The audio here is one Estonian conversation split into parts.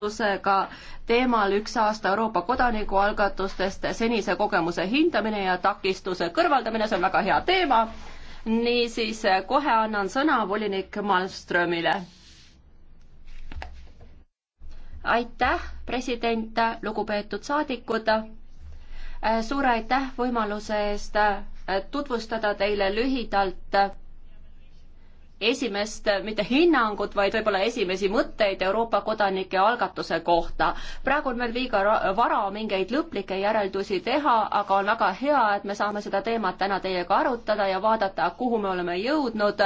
algatusega teemal üks aasta Euroopa kodanikualgatustest senise kogemuse hindamine ja takistuse kõrvaldamine, see on väga hea teema. niisiis kohe annan sõna volinik Malmströmile. aitäh, president, lugupeetud saadikud. suur aitäh võimaluse eest tutvustada teile lühidalt esimest, mitte hinnangut, vaid võib-olla esimesi mõtteid Euroopa kodanike algatuse kohta. praegu on meil liiga vara mingeid lõplikke järeldusi teha, aga on väga hea, et me saame seda teemat täna teiega arutada ja vaadata, kuhu me oleme jõudnud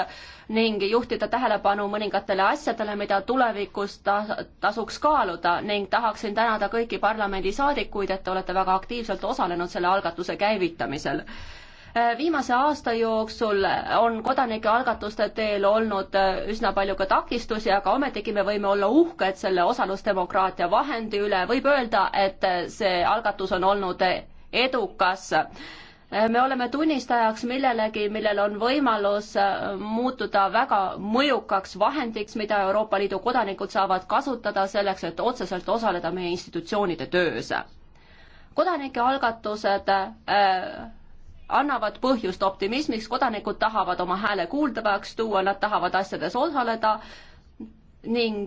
ning juhtida tähelepanu mõningatele asjadele, mida tulevikus ta-, tasuks kaaluda ning tahaksin tänada kõiki parlamendisaadikuid, et te olete väga aktiivselt osalenud selle algatuse käivitamisel Äh, viimase aasta jooksul on kodanikealgatuste teel olnud äh, üsna palju ka takistusi, aga ometigi me võime olla uhked selle osalusdemokraatia vahendi üle, võib öelda, et äh, see algatus on olnud edukas me oleme tunnistajaks millelegi, millel on võimalus muutuda väga mõjukaks vahendiks, mida Euroopa Liidu kodanikud saavad kasutada selleks, et otseselt osaleda meie institutsioonide töös. kodanike algatused äh, annavad põhjust optimismiks, kodanikud tahavad oma hääle kuuldavaks tuua, nad tahavad asjades osaleda ning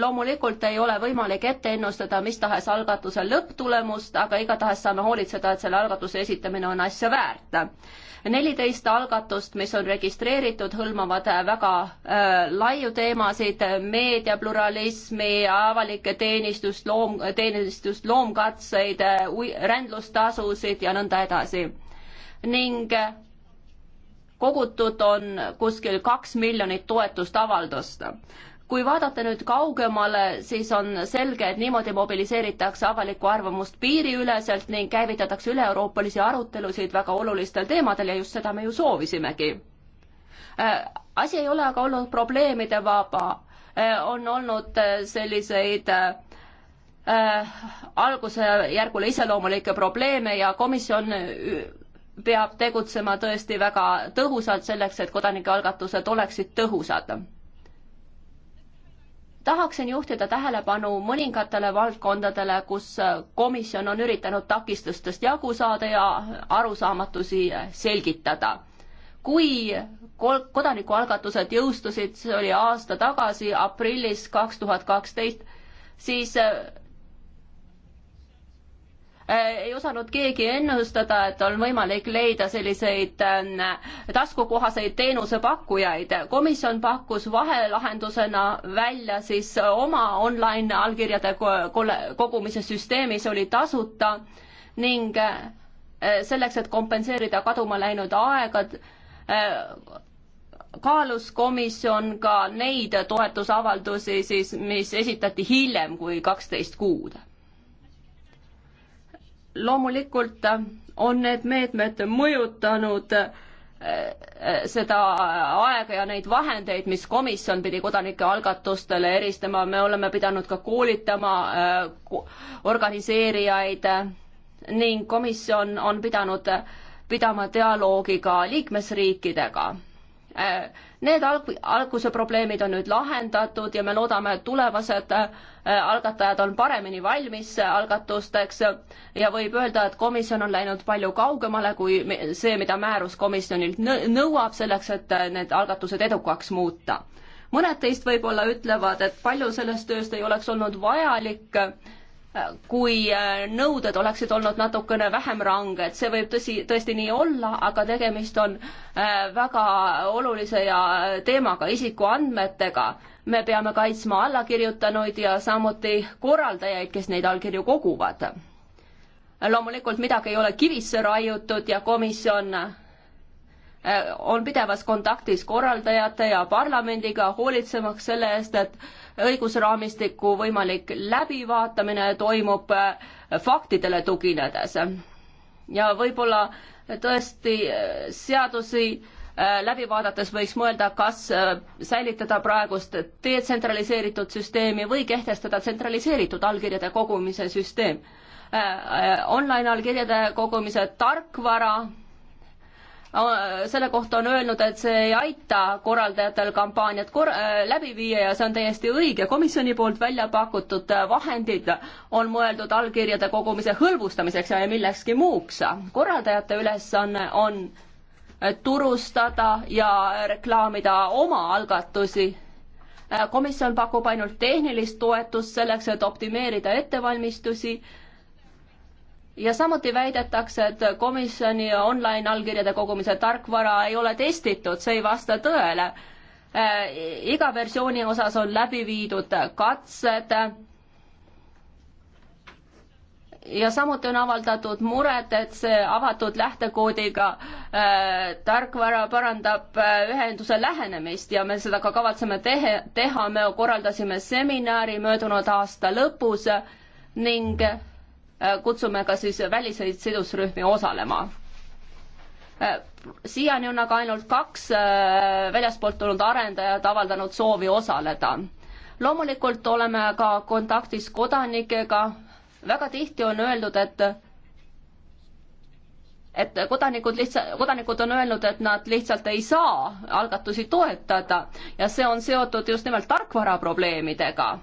loomulikult ei ole võimalik ette ennustada mis tahes algatuse lõpptulemust, aga igatahes saame hoolitseda, et selle algatuse esitamine on asja väärt. neliteist algatust, mis on registreeritud, hõlmavad väga äh, laiu teemasid, meediapluralismi, avalike teenistust, loom, teenistust, loomkatseid, rändlustasusid ja nõnda edasi ning kogutud on kuskil kaks miljonit toetustavaldust. kui vaadata nüüd kaugemale, siis on selge, et niimoodi mobiliseeritakse avalikku arvamust piiriüleselt ning käivitatakse üle-euroopalisi arutelusid väga olulistel teemadel ja just seda me ju soovisimegi. Äh, asi ei ole aga olnud probleemide vaba, äh, on olnud äh, selliseid äh, algusjärgule iseloomulikke probleeme ja komisjon peab tegutsema tõesti väga tõhusalt selleks, et kodanikealgatused oleksid tõhusad. tahaksin juhtida tähelepanu mõningatele valdkondadele, kus komisjon on üritanud takistustest jagu saada ja arusaamatusi selgitada kui kodanikualgatused jõustusid, see oli aasta tagasi, aprillis kaks tuhat kaksteist, siis Äh, ei osanud keegi ennustada, et on võimalik leida selliseid äh, taskukohaseid teenusepakkujaid. komisjon pakkus vahelahendusena välja siis oma online allkirjade kogumise süsteemi, see oli tasuta ning äh, selleks, et kompenseerida kaduma läinud aegad, kaalus komisjon ka neid toetusavaldusi siis, mis esitati hiljem kui kaksteist kuud loomulikult on need meetmed mõjutanud eh, seda aega ja neid vahendeid, mis komisjon pidi kodanike algatustele eristama, me oleme pidanud ka koolitama eh, organiseerijaid ning komisjon on pidanud pidama dialoogi ka liikmesriikidega eh, Need alg-, alguse probleemid on nüüd lahendatud ja me loodame, et tulevased äh, algatajad on paremini valmis äh, algatusteks ja võib öelda, et komisjon on läinud palju kaugemale kui see, mida määrus komisjonilt nõuab selleks, et äh, need algatused edukaks muuta mõned teist võib-olla ütlevad, et palju sellest tööst ei oleks olnud vajalik kui äh, nõuded oleksid olnud natukene vähem ranged, see võib tõsi, tõesti nii olla, aga tegemist on äh, väga olulise ja äh, teemaga, isikuandmetega. me peame kaitsma allakirjutanuid ja samuti korraldajaid, kes neid allkirju koguvad. loomulikult midagi ei ole kivisse raiutud ja komisjon on pidevas kontaktis korraldajate ja parlamendiga, hoolitsemaks selle eest, et õigusraamistiku võimalik läbivaatamine toimub äh, faktidele tuginedes. ja võib-olla tõesti äh, seadusi äh, läbi vaadates võiks mõelda, kas säilitada praegust detsentraliseeritud süsteemi või kehtestada tsentraliseeritud allkirjade kogumise süsteem. Online allkirjade kogumise tarkvara Äh, selle kohta on öelnud, et see ei aita korraldajatel kampaaniat kor-, äh, läbi viia ja see on täiesti õige. komisjoni poolt välja pakutud vahendid on mõeldud allkirjade kogumise hõlbustamiseks ja millekski muuks. korraldajate ülesanne on, on äh, turustada ja reklaamida oma algatusi. komisjon pakub ainult tehnilist toetust selleks, et optimeerida ettevalmistusi ja samuti väidetakse, et komisjoni online allkirjade kogumise tarkvara ei ole testitud, see ei vasta tõele. Äh, iga versiooni osas on läbi viidud katsed. ja samuti on avaldatud muret, et see avatud lähtekoodiga äh, tarkvara parandab äh, ühenduse lähenemist ja me seda ka kavatseme tehe, teha, me korraldasime seminari möödunud aasta lõpus ning äh, kutsume ka siis väliseid sidusrühmi osalema. siiani on aga ainult kaks äh, väljaspoolt tulnud arendajat avaldanud soovi osaleda. loomulikult oleme ka kontaktis kodanikega, väga tihti on öeldud, et et kodanikud lihtsalt, kodanikud on öelnud, et nad lihtsalt ei saa algatusi toetada ja see on seotud just nimelt tarkvara probleemidega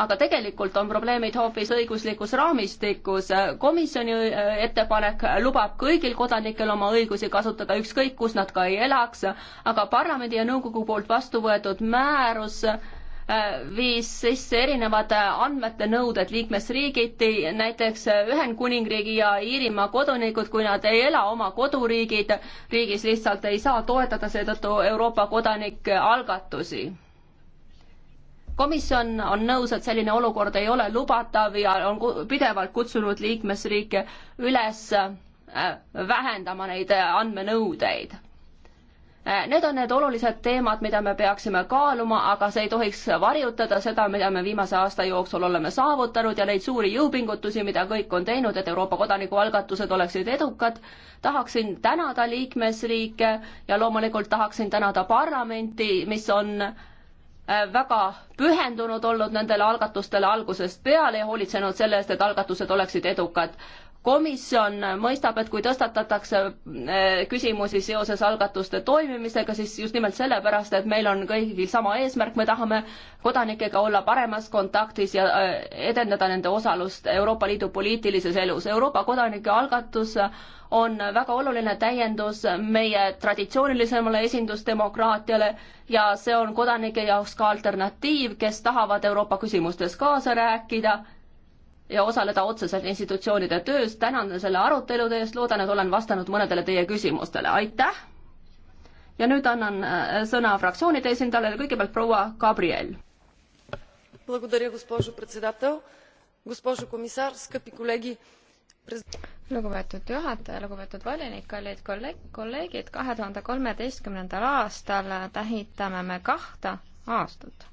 aga tegelikult on probleemid hoopis õiguslikus raamistikus. komisjoni äh, ettepanek lubab kõigil kodanikel oma õigusi kasutada, ükskõik kus nad ka ei elaks, aga parlamendi ja nõukogu poolt vastu võetud määrus äh, viis sisse erinevad andmete nõuded liikmesriigiti, näiteks Ühendkuningriigi ja Iirimaa kodanikud, kui nad ei ela oma koduriigid, riigis lihtsalt ei saa toetada seetõttu Euroopa kodanike algatusi komisjon on nõus, et selline olukord ei ole lubatav ja on pidevalt kutsunud liikmesriike üles äh, vähendama neid äh, andmenõudeid. Äh, need on need olulised teemad, mida me peaksime kaaluma, aga see ei tohiks varjutada seda, mida me viimase aasta jooksul oleme saavutanud ja neid suuri jõupingutusi, mida kõik on teinud, et Euroopa kodanikualgatused oleksid edukad. tahaksin tänada liikmesriike ja loomulikult tahaksin tänada parlamenti, mis on äh, Äh, väga pühendunud olnud nendele algatustele algusest peale ja hoolitsenud selle eest, et algatused oleksid edukad komisjon mõistab, et kui tõstatatakse äh, küsimusi seoses algatuste toimimisega, siis just nimelt sellepärast, et meil on kõigil sama eesmärk, me tahame kodanikega olla paremas kontaktis ja äh, edendada nende osalust Euroopa Liidu poliitilises elus. Euroopa kodanike algatus on väga oluline täiendus meie traditsioonilisemale esindusdemokraatiale ja see on kodanike jaoks ka alternatiiv, kes tahavad Euroopa küsimustes kaasa rääkida ja osaleda otseselt institutsioonide töös. tänan selle arutelude eest, loodan, et olen vastanud mõnedele teie küsimustele, aitäh! ja nüüd annan äh, sõna fraktsioonide esindajale, kõigepealt proua Gabriel. Благодаря, госпожо председател. Госпожо комисар, скъпи колеги, lugupeetud juhataja, lugupeetud volinik, kallid kolleeg-, kolleegid, kahe tuhande kolmeteistkümnendal aastal tähitame me kahte aastat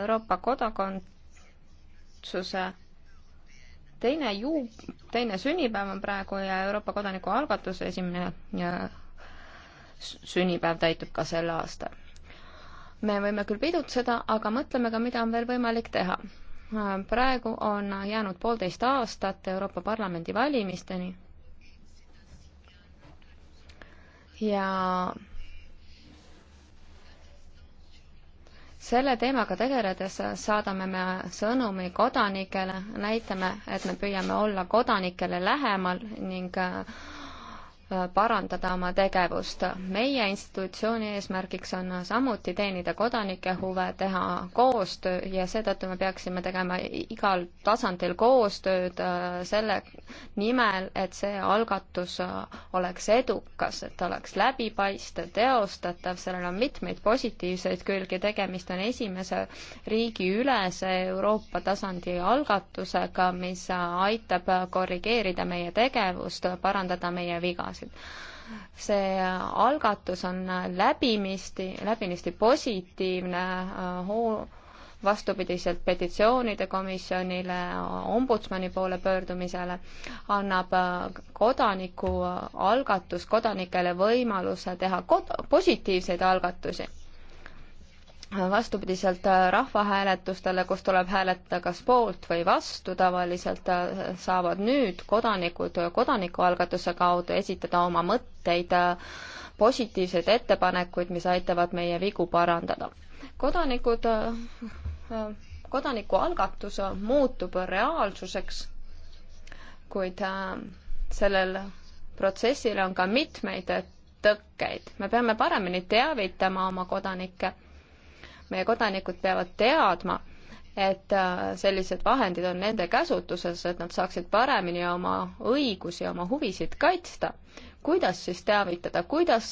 Euroopa kodakondsuse teine juu-, teine sünnipäev on praegu ja Euroopa kodanikualgatuse esimene ja sünnipäev täitub ka sel aastal. me võime küll pidutseda, aga mõtleme ka, mida on veel võimalik teha praegu on jäänud poolteist aastat Euroopa Parlamendi valimisteni ja selle teemaga tegeledes saadame me sõnumi kodanikele, näitame, et me püüame olla kodanikele lähemal ning äh, Äh, parandada oma tegevust. meie institutsiooni eesmärgiks on samuti teenida kodanike huve, teha koostöö ja seetõttu me peaksime tegema igal tasandil koostööd äh, selle nimel, et see algatus äh, oleks edukas, et oleks läbipaistev, teostatav, sellel on mitmeid positiivseid külgi, tegemist on esimese riigiülese Euroopa tasandi algatusega, mis aitab korrigeerida meie tegevust, parandada meie vigasid teemasid. see algatus on läbimisti, läbinisti positiivne äh, hoo-, vastupidiselt petitsioonide komisjonile, ombudsmani poole pöördumisele, annab äh, kodanikualgatus äh, kodanikele võimaluse teha kod-, positiivseid algatusi vastupidiselt äh, rahvahääletustele, kus tuleb hääletada kas poolt või vastu, tavaliselt äh, saavad nüüd kodanikud kodanikualgatuse kaudu esitada oma mõtteid, äh, positiivseid ettepanekuid, mis aitavad meie vigu parandada. kodanikud, kodanikualgatus muutub reaalsuseks, kuid sellel protsessil on ka mitmeid tõkkeid. me peame paremini teavitama oma kodanikke meie kodanikud peavad teadma, et äh, sellised vahendid on nende käsutuses, et nad saaksid paremini oma õigusi, oma huvisid kaitsta. kuidas siis teavitada, kuidas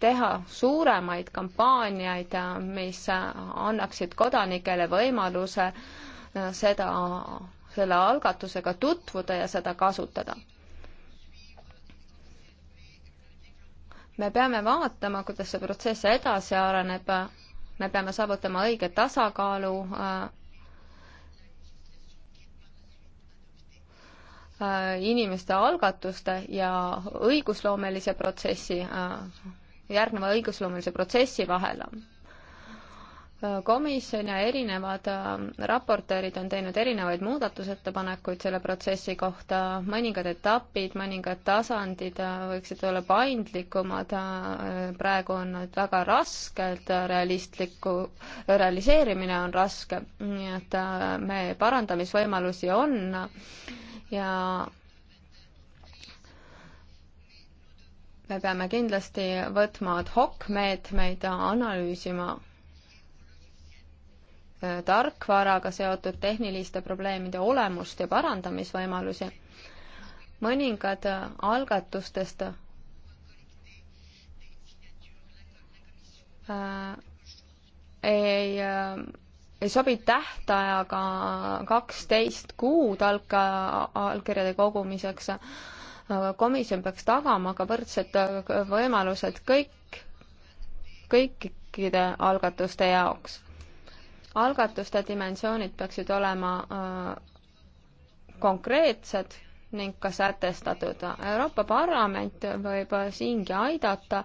teha suuremaid kampaaniaid, äh, mis äh, annaksid kodanikele võimaluse seda, selle algatusega tutvuda ja seda kasutada. me peame vaatama, kuidas see protsess edasi areneb me peame saavutama õige tasakaalu äh, äh, inimeste algatuste ja õigusloomelise protsessi, äh, järgneva õigusloomelise protsessi vahel komisjon ja erinevad äh, raportöörid on teinud erinevaid muudatusettepanekuid selle protsessi kohta, mõningad etapid, mõningad tasandid äh, võiksid olla paindlikumad, äh, praegu on nad väga rasked, realistliku, realiseerimine on raske, nii et me parandamisvõimalusi on ja me peame kindlasti võtma ad hoc meetmeid ja analüüsima tarkvaraga seotud tehniliste probleemide olemust ja parandamisvõimalusi. mõningad algatustest äh, ei, äh, ei sobi tähtajaga kaksteist kuud alg-, allkirjade kogumiseks. komisjon peaks tagama ka võrdsed äh, võimalused kõik, kõikide algatuste jaoks algatuste dimensioonid peaksid olema äh, konkreetsed ning ka sätestatud. Euroopa Parlament võib siingi aidata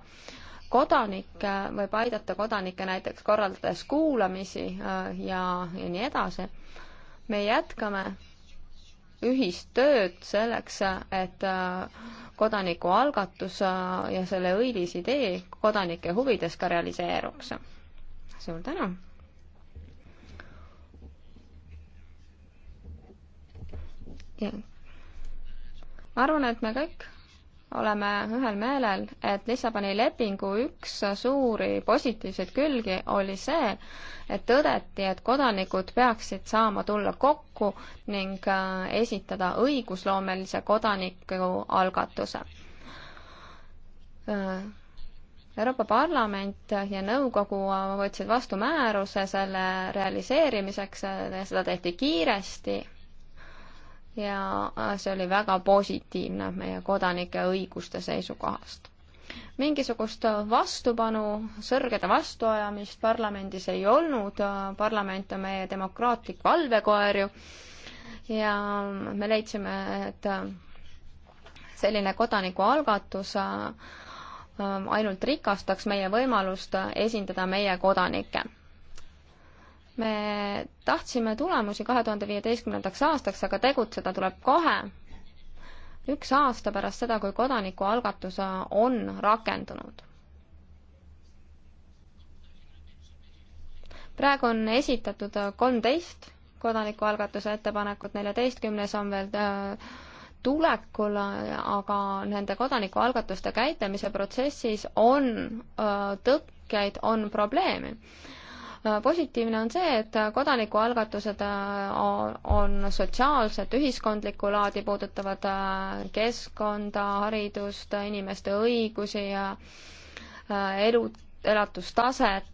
kodanikke, võib aidata kodanikke näiteks korraldades kuulamisi äh, ja, ja nii edasi. me jätkame ühist tööd selleks, et äh, kodanikualgatus ja selle õilis idee kodanike huvides ka realiseeruks. suur tänu! ma arvan, et me kõik oleme ühel meelel, et Lissaboni lepingu üks suuri positiivseid külgi oli see, et tõdeti, et kodanikud peaksid saama tulla kokku ning äh, esitada õigusloomelise kodaniku algatuse. Äh, Euroopa Parlament ja Nõukogu võtsid vastu määruse selle realiseerimiseks, seda tehti kiiresti ja äh, see oli väga positiivne meie kodanike õiguste seisukohast. mingisugust vastupanu, sõrgede vastuajamist parlamendis ei olnud, parlament on meie demokraatlik valvekoer ju, ja me leidsime, et selline kodanikualgatus äh, ainult rikastaks meie võimalust esindada meie kodanikke me tahtsime tulemusi kahe tuhande viieteistkümnendaks aastaks, aga tegutseda tuleb kohe, üks aasta pärast seda, kui kodanikualgatus on rakendunud. praegu on esitatud kolmteist kodanikualgatuse ettepanekut, neljateistkümnes on veel äh, tulekul, aga nende kodanikualgatuste käitlemise protsessis on äh, tõkkeid, on probleeme positiivne on see, et kodanikualgatused äh, on sotsiaalset, ühiskondlikku laadi, puudutavad äh, keskkonda, haridust, inimeste õigusi ja äh, elu, elatustaset.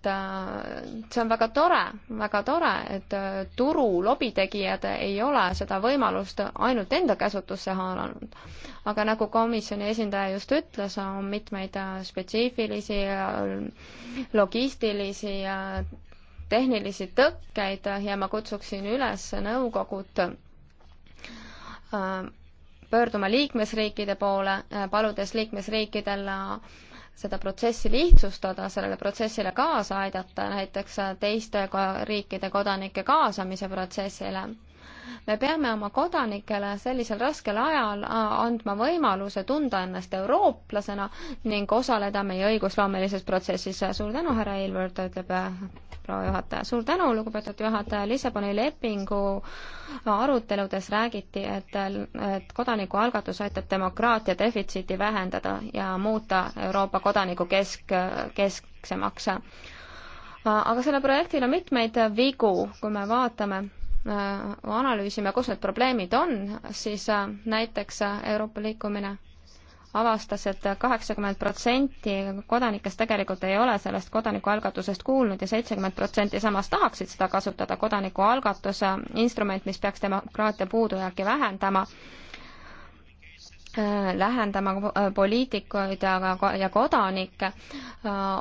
see on väga tore, väga tore, et turu lobitegijad ei ole seda võimalust ainult enda käsutusse haaranud. aga nagu komisjoni esindaja just ütles, on mitmeid spetsiifilisi logistilisi tehnilisi tõkkeid ja ma kutsuksin üles nõukogud äh, pöörduma liikmesriikide poole, äh, paludes liikmesriikidel äh, seda protsessi lihtsustada, sellele protsessile kaasa aidata, näiteks teiste riikide kodanike kaasamise protsessile me peame oma kodanikele sellisel raskel ajal äh, andma võimaluse tunda ennast eurooplasena ning osaleda meie õigusloomelises protsessis. suur tänu, härra Ilvõrd, ütleb äh, proua juhataja. suur tänu, lugupeetud juhataja. Lissaboni lepingu aruteludes räägiti, et, et kodanikualgatus aitab demokraatia defitsiiti vähendada ja muuta Euroopa kodaniku kesk, kesksemaks. Äh, aga sellel projektil on mitmeid vigu, kui me vaatame Äh, analüüsime, kus need probleemid on, siis äh, näiteks äh, Euroopa liikumine avastas et, et kaheksakümmend protsenti kodanikest tegelikult ei ole sellest kodanikualgatusest kuulnud ja seitsekümmend protsenti samas tahaksid seda kasutada, kodanikualgatuse instrument, mis peaks demokraatia puudujääki vähendama Äh, lähendama äh, poliitikuid ja, ja kodanikke, äh,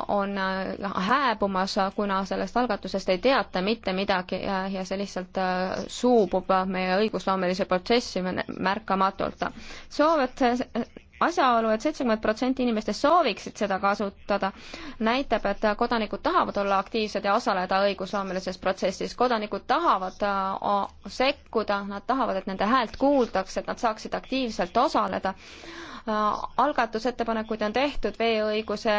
on hääbumas, kuna sellest algatusest ei teata mitte midagi ja, ja see lihtsalt suubub meie õigusloomelise protsessi märkamatult. soov, et asjaolu et, et seitsekümmend protsenti inimestest sooviksid seda kasutada, näitab, et kodanikud tahavad olla aktiivsed ja osaleda õigusloomelises protsessis. kodanikud tahavad äh, sekkuda, nad tahavad, et nende häält kuuldaks, et nad saaksid aktiivselt osaleda äh, algatusettepanekuid on tehtud veeõiguse,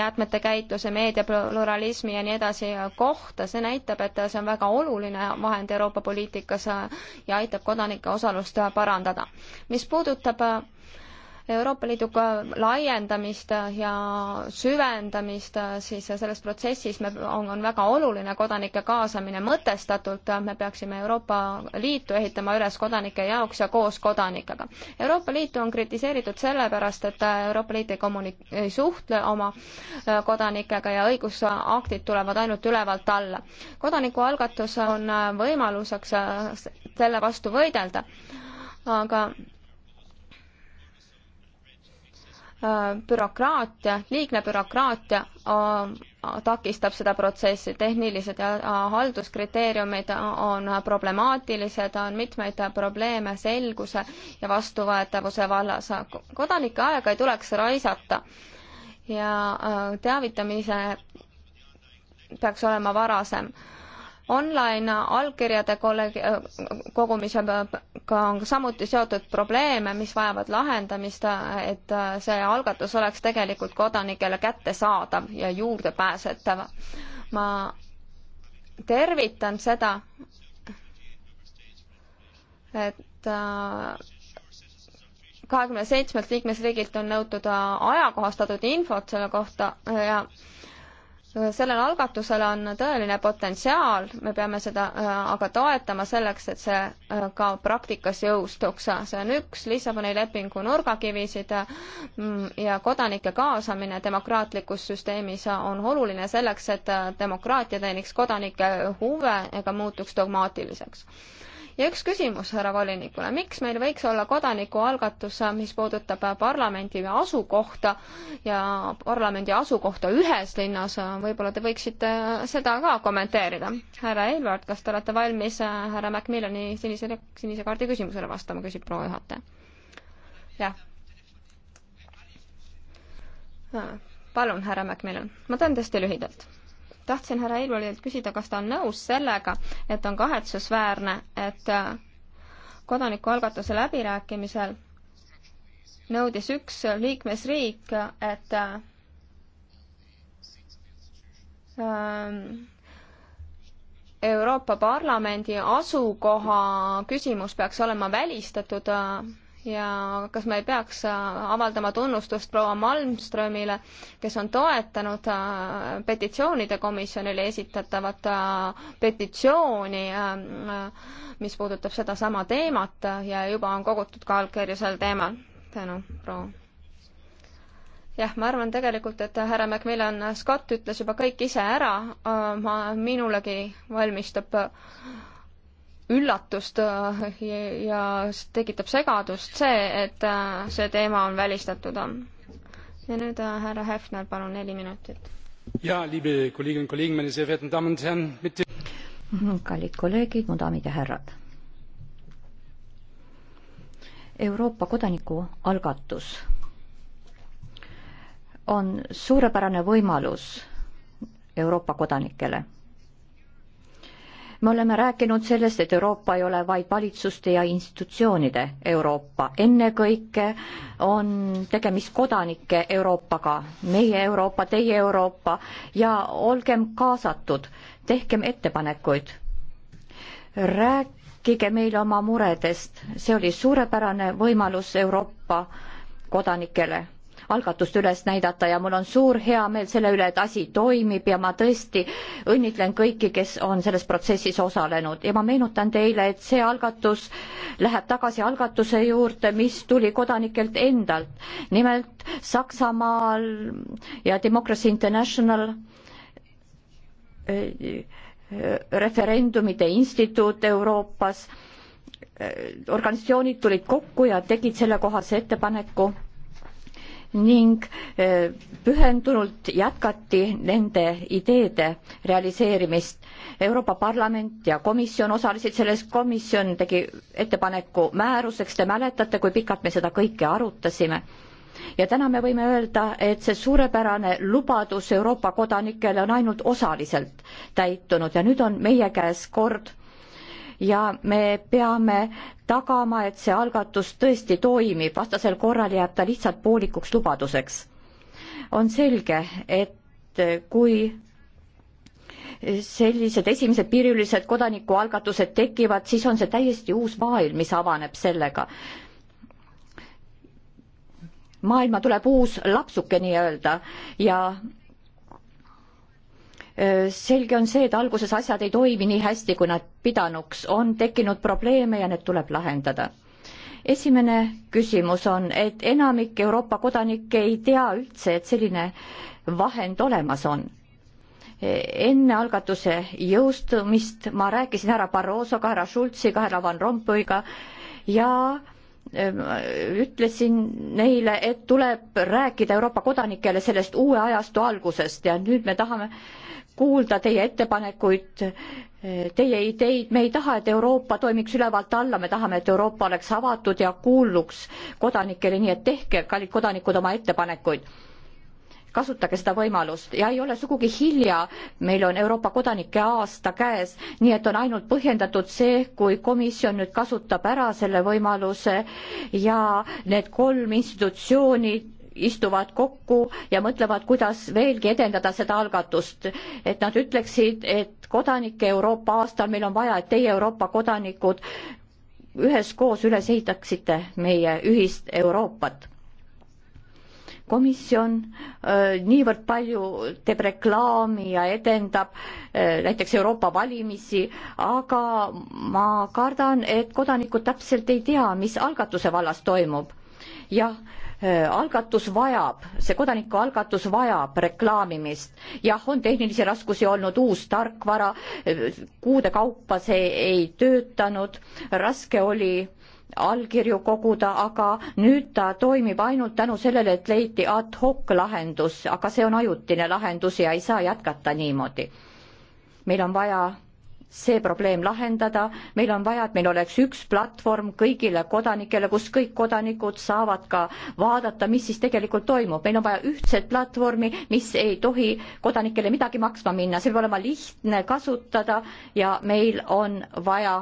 jäätmete käitluse, meediapluralismi ja nii edasi kohta, see näitab, et see on väga oluline vahend Euroopa poliitikas äh, ja aitab kodanike osalust parandada. mis puudutab Euroopa Liidu laiendamist ja süvendamist, siis selles protsessis me, on, on väga oluline kodanike kaasamine mõtestatult, me peaksime Euroopa Liitu ehitama üles kodanike jaoks ja koos kodanikega. Euroopa Liitu on kritiseeritud sellepärast, et Euroopa Liit ei kommuni-, ei suhtle oma kodanikega ja õigusaktid tulevad ainult ülevalt alla. kodanikualgatus on võimaluseks selle vastu võidelda, aga Äh, bürokraatia, liigne bürokraatia äh, takistab seda protsessi, tehnilised ja äh, halduskriteeriumid on problemaatilised, on mitmeid probleeme selguse ja vastuvõetavuse vallas. kodanike aega ei tuleks raisata ja teavitamise peaks olema varasem online allkirjade kolleg-, kogumisega on samuti seotud probleeme, mis vajavad lahendamist, et see algatus oleks tegelikult kodanikele kättesaadav ja juurdepääsetav. ma tervitan seda, et äh, kahekümne seitsmelt liikmesriigilt on nõutud äh, ajakohastatud infot selle kohta ja sellel algatusel on tõeline potentsiaal, me peame seda äh, aga toetama selleks, et see äh, ka praktikas jõustuks. see on üks Lissaboni lepingu nurgakivisid mm, ja kodanike kaasamine demokraatlikus süsteemis on oluline selleks, et demokraatia teeniks kodanike huve ega muutuks dogmaatiliseks ja üks küsimus härra volinikule, miks meil võiks olla kodanikualgatus, mis puudutab parlamendi asukohta ja parlamendi asukohta ühes linnas, võib-olla te võiksite seda ka kommenteerida. härra Elvard, kas te olete valmis härra Macmillani sinisele, sinise kaardi küsimusele vastama, küsib proua juhataja. jah palun, härra Macmillan, ma teen tõesti lühidalt tahtsin härra Eilvalilt küsida, kas ta on nõus sellega, et on kahetsusväärne, et äh, kodanikualgatuse läbirääkimisel nõudis üks liikmesriik, et äh, ähm, Euroopa Parlamendi asukoha küsimus peaks olema välistatud äh, ja kas me ei peaks äh, avaldama tunnustust proua Malmströmile, kes on toetanud äh, petitsioonide komisjonile esitatavat äh, petitsiooni, mis puudutab sedasama teemat ja juba on kogutud ka allkirju sel teemal. tänu, proua. jah, ma arvan tegelikult, et härra Macmillan Scott ütles juba kõik ise ära, ma, minulegi valmistab üllatust äh, ja tekitab segadust see, et äh, see teema on välistatud. ja nüüd äh, härra Hefner, palun neli minutit. ja, liebe kolleegid, kolleegid, meine sehr verehrten damen und herren, mitte kallid kolleegid, mu daamid ja härrad. Euroopa kodanikualgatus on suurepärane võimalus Euroopa kodanikele me oleme rääkinud sellest, et Euroopa ei ole vaid valitsuste ja institutsioonide Euroopa, ennekõike on tegemist kodanike Euroopaga, meie Euroopa, teie Euroopa ja olgem kaasatud, tehkem ettepanekuid. rääkige meile oma muredest, see oli suurepärane võimalus Euroopa kodanikele algatust üles näidata ja mul on suur heameel selle üle, et asi toimib ja ma tõesti õnnitlen kõiki, kes on selles protsessis osalenud ja ma meenutan teile, et see algatus läheb tagasi algatuse juurde, mis tuli kodanikelt endalt. nimelt Saksamaal ja Democracy International eh, referendumite instituut Euroopas eh, organisatsioonid tulid kokku ja tegid sellekohase ettepaneku ning eh, pühendunult jätkati nende ideede realiseerimist. Euroopa Parlament ja komisjon osalesid selles, komisjon tegi ettepaneku määruseks, te mäletate, kui pikalt me seda kõike arutasime ja täna me võime öelda, et see suurepärane lubadus Euroopa kodanikele on ainult osaliselt täitunud ja nüüd on meie käes kord ja me peame tagama, et see algatus tõesti toimib, vastasel korral jääb ta lihtsalt poolikuks lubaduseks. on selge, et kui sellised esimesed piiriülised kodanikualgatused tekivad, siis on see täiesti uus maailm, mis avaneb sellega. maailma tuleb uus lapsuke nii-öelda ja selge on see, et alguses asjad ei toimi nii hästi, kui nad pidanuks, on tekkinud probleeme ja need tuleb lahendada. esimene küsimus on, et enamik Euroopa kodanikke ei tea üldse, et selline vahend olemas on. enne algatuse jõustumist ma rääkisin härra Barrosoga, härra Schulziga, härra Van Rompuyga ja ähm, ütlesin neile, et tuleb rääkida Euroopa kodanikele sellest uue ajastu algusest ja nüüd me tahame äh, kuulda teie ettepanekuid, teie ideid, me ei taha, et Euroopa toimiks ülevalt alla, me tahame, et Euroopa oleks avatud ja kuulluks kodanikele, nii et tehke, kallid kodanikud, oma ettepanekuid. kasutage seda võimalust ja ei ole sugugi hilja, meil on Euroopa kodanike aasta käes, nii et on ainult põhjendatud see, kui komisjon nüüd kasutab ära selle võimaluse ja need kolm institutsiooni istuvad kokku ja mõtlevad, kuidas veelgi edendada seda algatust, et nad ütleksid, et kodanike Euroopa aastal meil on vaja, et teie, Euroopa kodanikud, üheskoos üles ehitaksite meie ühist Euroopat. komisjon äh, niivõrd palju teeb reklaami ja edendab äh, näiteks Euroopa valimisi, aga ma kardan, et kodanikud täpselt ei tea, mis algatuse vallas toimub. jah Äh, algatus vajab, see kodanikualgatus vajab reklaamimist. jah, on tehnilisi raskusi olnud, uus tarkvara, äh, kuude kaupa see ei töötanud, raske oli allkirju koguda, aga nüüd ta toimib ainult tänu sellele, et leiti ad hoc lahendus, aga see on ajutine lahendus ja ei saa jätkata niimoodi. meil on vaja see probleem lahendada, meil on vaja, et meil oleks üks platvorm kõigile kodanikele, kus kõik kodanikud saavad ka vaadata, mis siis tegelikult toimub, meil on vaja ühtset platvormi, mis ei tohi kodanikele midagi maksma minna, see peab olema lihtne kasutada ja meil on vaja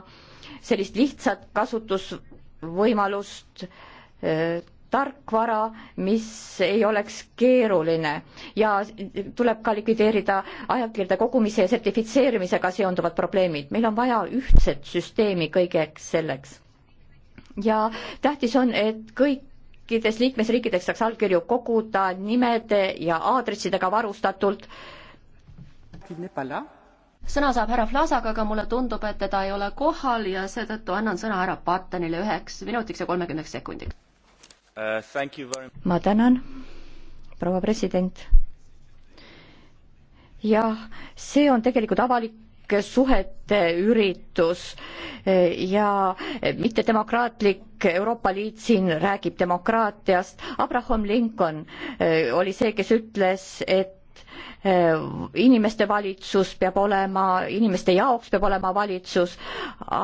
sellist lihtsat kasutusvõimalust äh, tarkvara, mis ei oleks keeruline ja tuleb ka likvideerida ajakirjade kogumise ja sertifitseerimisega seonduvad probleemid. meil on vaja ühtset süsteemi kõigeks selleks. ja tähtis on, et kõik kõikides liikmesriikides saaks allkirju koguda nimede ja aadressidega varustatult. sõna saab härra Flasaga, aga mulle tundub, et teda ei ole kohal ja seetõttu annan sõna härra Pattenile üheks minutiks ja kolmekümneks sekundiks Uh, ma tänan, proua president. jah, see on tegelikult avalike suhete üritus ja mittedemokraatlik Euroopa Liit siin räägib demokraatiast. Abraham Lincoln uh, oli see, kes ütles, et uh, inimeste valitsus peab olema, inimeste jaoks peab olema valitsus,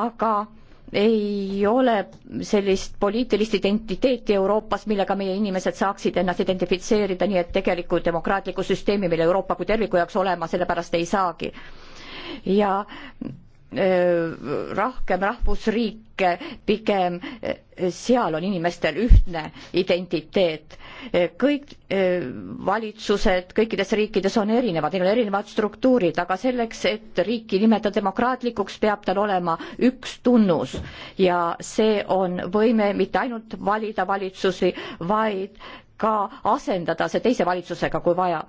aga ei ole sellist poliitilist identiteeti Euroopas, millega meie inimesed saaksid ennast identifitseerida, nii et tegelikku demokraatlikku süsteemi meil Euroopa kui terviku jaoks olema, sellepärast ei saagi. ja Äh, rohkem rahvusriike, pigem äh, seal on inimestel ühtne identiteet. Äh, kõik valitsused kõikides riikides on erinevad, neil on erinevad struktuurid, aga selleks, et riiki nimetada demokraatlikuks, peab tal olema üks tunnus ja see on võime mitte ainult valida valitsusi, vaid ka asendada see teise valitsusega, kui vaja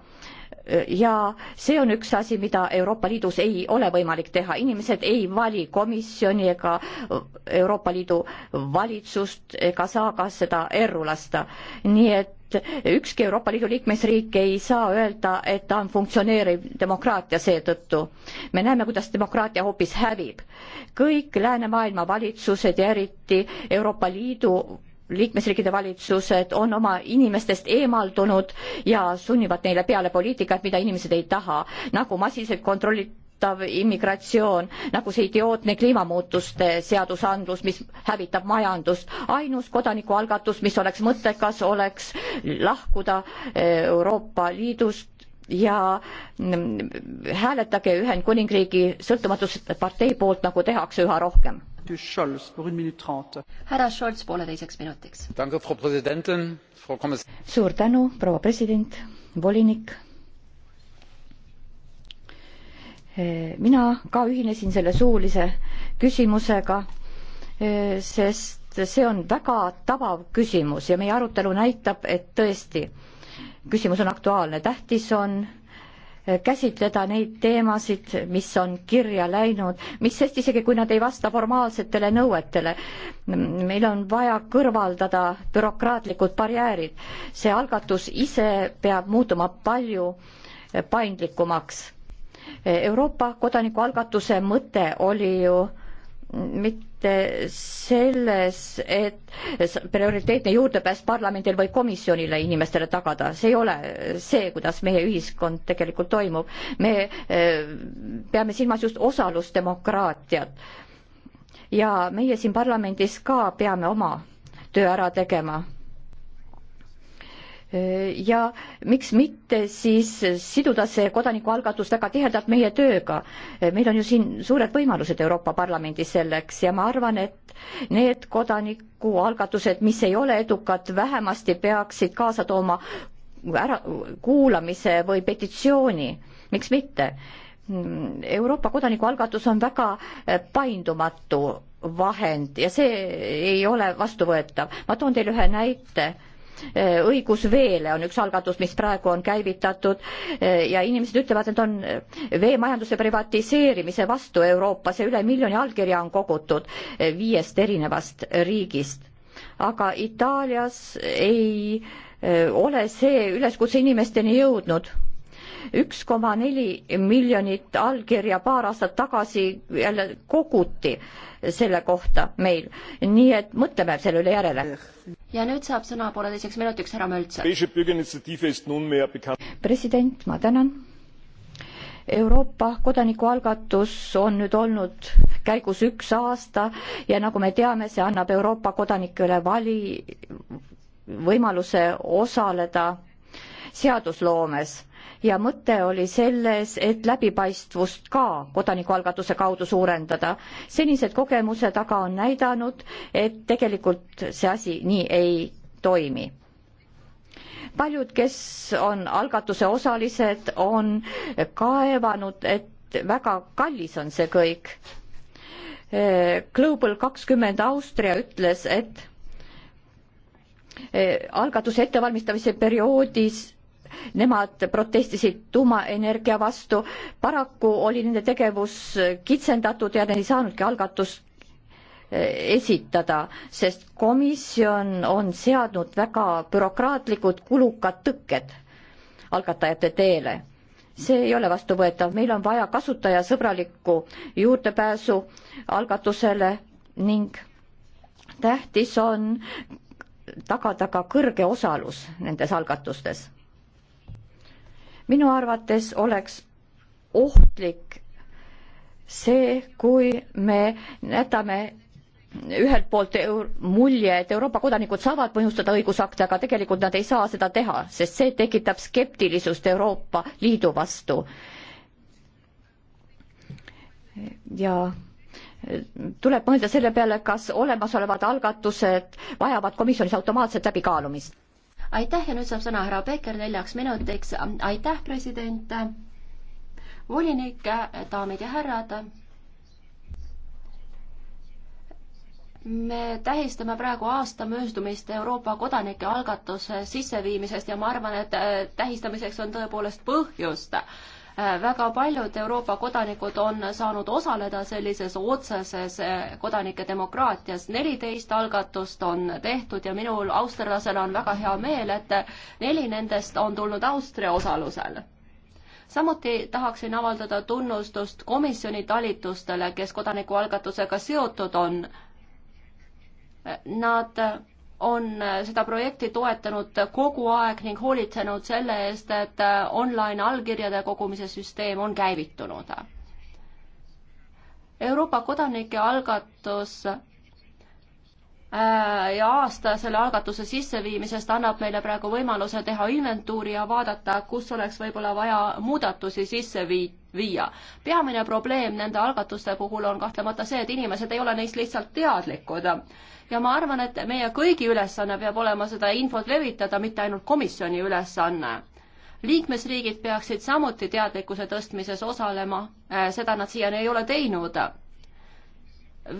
ja see on üks asi, mida Euroopa Liidus ei ole võimalik teha, inimesed ei vali komisjoni ega Euroopa Liidu valitsust ega saa ka seda erru lasta. nii et ükski Euroopa Liidu liikmesriik ei saa öelda, et ta on funktsioneeriv demokraatia seetõttu. me näeme, kuidas demokraatia hoopis hävib. kõik läänemaailma valitsused ja eriti Euroopa Liidu liikmesriikide valitsused on oma inimestest eemaldunud ja sunnivad neile peale poliitikat, mida inimesed ei taha, nagu massiliselt kontrollitav immigratsioon, nagu see idiootne kliimamuutuste seadusandlus, mis hävitab majandust. ainus kodanikualgatus, mis oleks mõttekas, oleks lahkuda eh, Euroopa Liidust ja mm, hääletage Ühendkuningriigi sõltumatuse partei poolt, nagu tehakse üha rohkem härra Scholz pooleteiseks minutiks. suur tänu, proua president, volinik. mina ka ühinesin selle suulise küsimusega, sest see on väga tabav küsimus ja meie arutelu näitab, et tõesti, küsimus on aktuaalne, tähtis on käsitleda neid teemasid, mis on kirja läinud, mis sest isegi, kui nad ei vasta formaalsetele nõuetele. meil on vaja kõrvaldada bürokraatlikud barjäärid. see algatus ise peab muutuma palju paindlikumaks. Euroopa kodanikualgatuse mõte oli ju mitte selles, et prioriteetne juurdepääs parlamendil või komisjonile inimestele tagada, see ei ole see, kuidas meie ühiskond tegelikult toimub. me eh, peame silmas just osalusdemokraatiat. ja meie siin parlamendis ka peame oma töö ära tegema ja miks mitte siis siduda see kodanikualgatus väga tihedalt meie tööga. meil on ju siin suured võimalused Euroopa Parlamendis selleks ja ma arvan, et need kodanikualgatused, mis ei ole edukad, vähemasti peaksid kaasa tooma ära kuulamise või petitsiooni, miks mitte. Euroopa kodanikualgatus on väga eh, paindumatu vahend ja see ei ole vastuvõetav. ma toon teile ühe näite Eh, õigus veele on üks algatus, mis praegu on käivitatud eh, ja inimesed ütlevad, et on eh, veemajanduse privatiseerimise vastu Euroopas ja üle miljoni allkirja on kogutud viiest erinevast riigist. aga Itaalias ei ole see üleskutse inimesteni jõudnud üks koma neli miljonit allkirja paar aastat tagasi jälle koguti selle kohta meil, nii et mõtleme selle üle järele. ja nüüd saab sõna pooleteiseks minutiks härra Möltser. president, ma tänan. Euroopa kodanikualgatus on nüüd olnud käigus üks aasta ja nagu me teame, see annab Euroopa kodanikele vali, võimaluse osaleda seadusloomes ja mõte oli selles, et läbipaistvust ka kodanikualgatuse kaudu suurendada. senised kogemused aga on näidanud, et tegelikult see asi nii ei toimi. paljud, kes on algatuse osalised, on kaevanud, et väga kallis on see kõik. Global kakskümmend Austria ütles, et eh, algatuse ettevalmistamise perioodis nemad protestisid tuumaenergia vastu. paraku oli nende tegevus kitsendatud ja nad ei saanudki algatust eh, esitada, sest komisjon on seadnud väga bürokraatlikud kulukad tõkked algatajate teele. see ei ole vastuvõetav, meil on vaja kasutajasõbralikku juurdepääsu algatusele ning tähtis on tagada ka kõrge osalus nendes algatustes minu arvates oleks ohtlik see, kui me jätame ühelt poolt mulje, et Euroopa kodanikud saavad põhjustada õigusakte, aga tegelikult nad ei saa seda teha, sest see tekitab skeptilisust Euroopa Liidu vastu. ja tuleb mõelda selle peale, kas olemasolevad algatused vajavad komisjonis automaatselt läbikaalumist aitäh ja nüüd saab sõna härra Peker neljaks minutiks. aitäh, president, volinik, daamid ja härrad. me tähistame praegu aasta möödumist Euroopa kodanike algatuse sisseviimisest ja ma arvan, et äh, tähistamiseks on tõepoolest põhjust Äh, väga paljud Euroopa kodanikud on saanud osaleda sellises otseses äh, kodanike demokraatias. neliteist algatust on tehtud ja minul austerlasena on väga hea meel, et neli nendest on tulnud Austria osalusel samuti tahaksin avaldada tunnustust komisjoni talitustele, kes kodanikualgatusega seotud on. Nad on äh, seda projekti toetanud kogu aeg ning hoolitsenud selle eest, et äh, online allkirjade kogumise süsteem on käivitunud. Euroopa kodanike algatus äh, ja aasta selle algatuse sisseviimisest annab meile praegu võimaluse teha inventuuri ja vaadata, kus oleks võib-olla vaja muudatusi sisse vii-, viia. peamine probleem nende algatuste puhul on kahtlemata see, et inimesed ei ole neist lihtsalt teadlikud ja ma arvan, et meie kõigi ülesanne peab olema seda infot levitada, mitte ainult komisjoni ülesanne. liikmesriigid peaksid samuti teadlikkuse tõstmises osalema, äh, seda nad siiani ei ole teinud.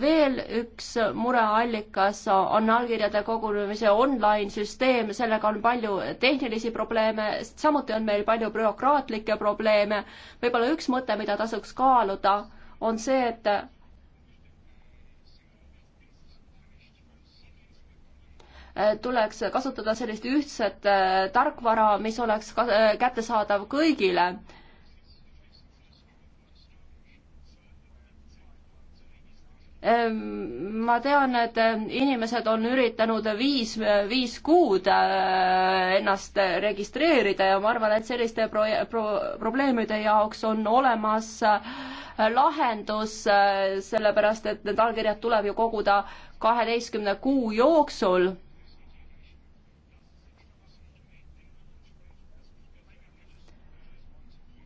veel üks mureallikas on allkirjade kogunemise online süsteem, sellega on palju tehnilisi probleeme, samuti on meil palju bürokraatlikke probleeme. võib-olla üks mõte, mida tasuks kaaluda, on see, et tuleks kasutada sellist ühtset äh, tarkvara, mis oleks äh, kättesaadav kõigile. Ehm, ma tean, et äh, inimesed on üritanud viis, viis kuud ennast registreerida ja ma arvan, et selliste pro-, pro-, probleemide jaoks on olemas lahendus, sellepärast et need allkirjad tuleb ju koguda kaheteistkümne kuu jooksul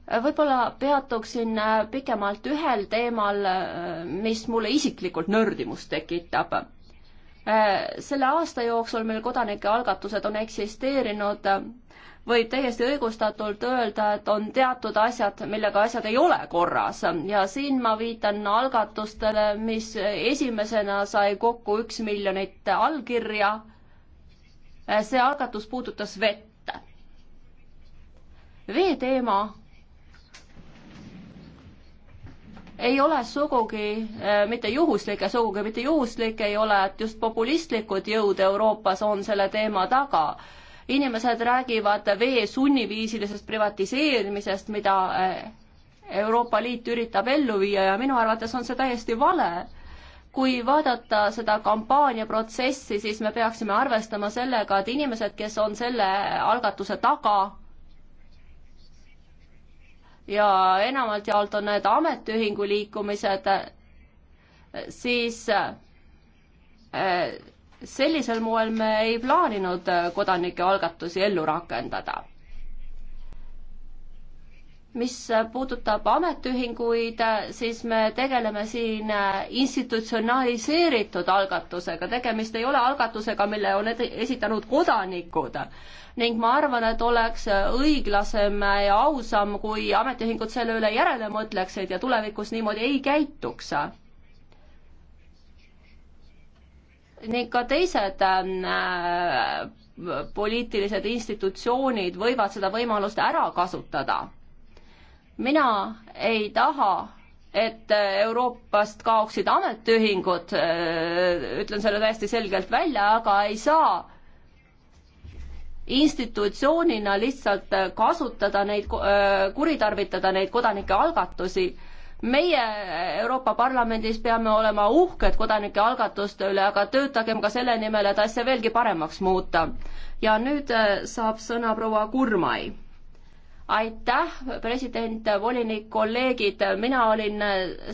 võib-olla peatuksin äh, pikemalt ühel teemal, äh, mis mulle isiklikult nördimust tekitab. Äh, selle aasta jooksul meil kodanikealgatused on eksisteerinud, võib täiesti õigustatult öelda, et on teatud asjad, millega asjad ei ole korras ja siin ma viitan algatustele, mis esimesena sai kokku üks miljonit allkirja. see algatus puudutas vett. veeteema ei ole sugugi äh, mitte juhuslik ja sugugi mitte juhuslik ei ole, et just populistlikud jõud Euroopas on selle teema taga. inimesed räägivad vee sunniviisilisest privatiseerimisest, mida äh, Euroopa Liit üritab ellu viia ja minu arvates on see täiesti vale. kui vaadata seda kampaaniaprotsessi, siis me peaksime arvestama sellega, et inimesed, kes on selle algatuse taga, ja enamalt jaolt on need ametiühingu liikumised, siis eh, sellisel moel me ei plaaninud kodanike algatusi ellu rakendada mis puudutab ametiühinguid, siis me tegeleme siin äh, institutsionaliseeritud algatusega, tegemist ei ole algatusega, mille on esitanud kodanikud. ning ma arvan, et oleks äh, õiglasem ja ausam, kui ametiühingud selle üle järele mõtleksid ja tulevikus niimoodi ei käituks ning ka teised ähm, äh, poliitilised institutsioonid võivad seda võimalust ära kasutada mina ei taha, et äh, Euroopast kaoksid ametiühingud, äh, ütlen selle täiesti selgelt välja, aga ei saa institutsioonina lihtsalt äh, kasutada neid, kuritarvitada neid kodanike algatusi meie Euroopa Parlamendis peame olema uhked kodanike algatuste üle, aga töötagem ka selle nimel, et asja veelgi paremaks muuta. ja nüüd saab sõna proua Kurmai aitäh, president, volinik, kolleegid, mina olin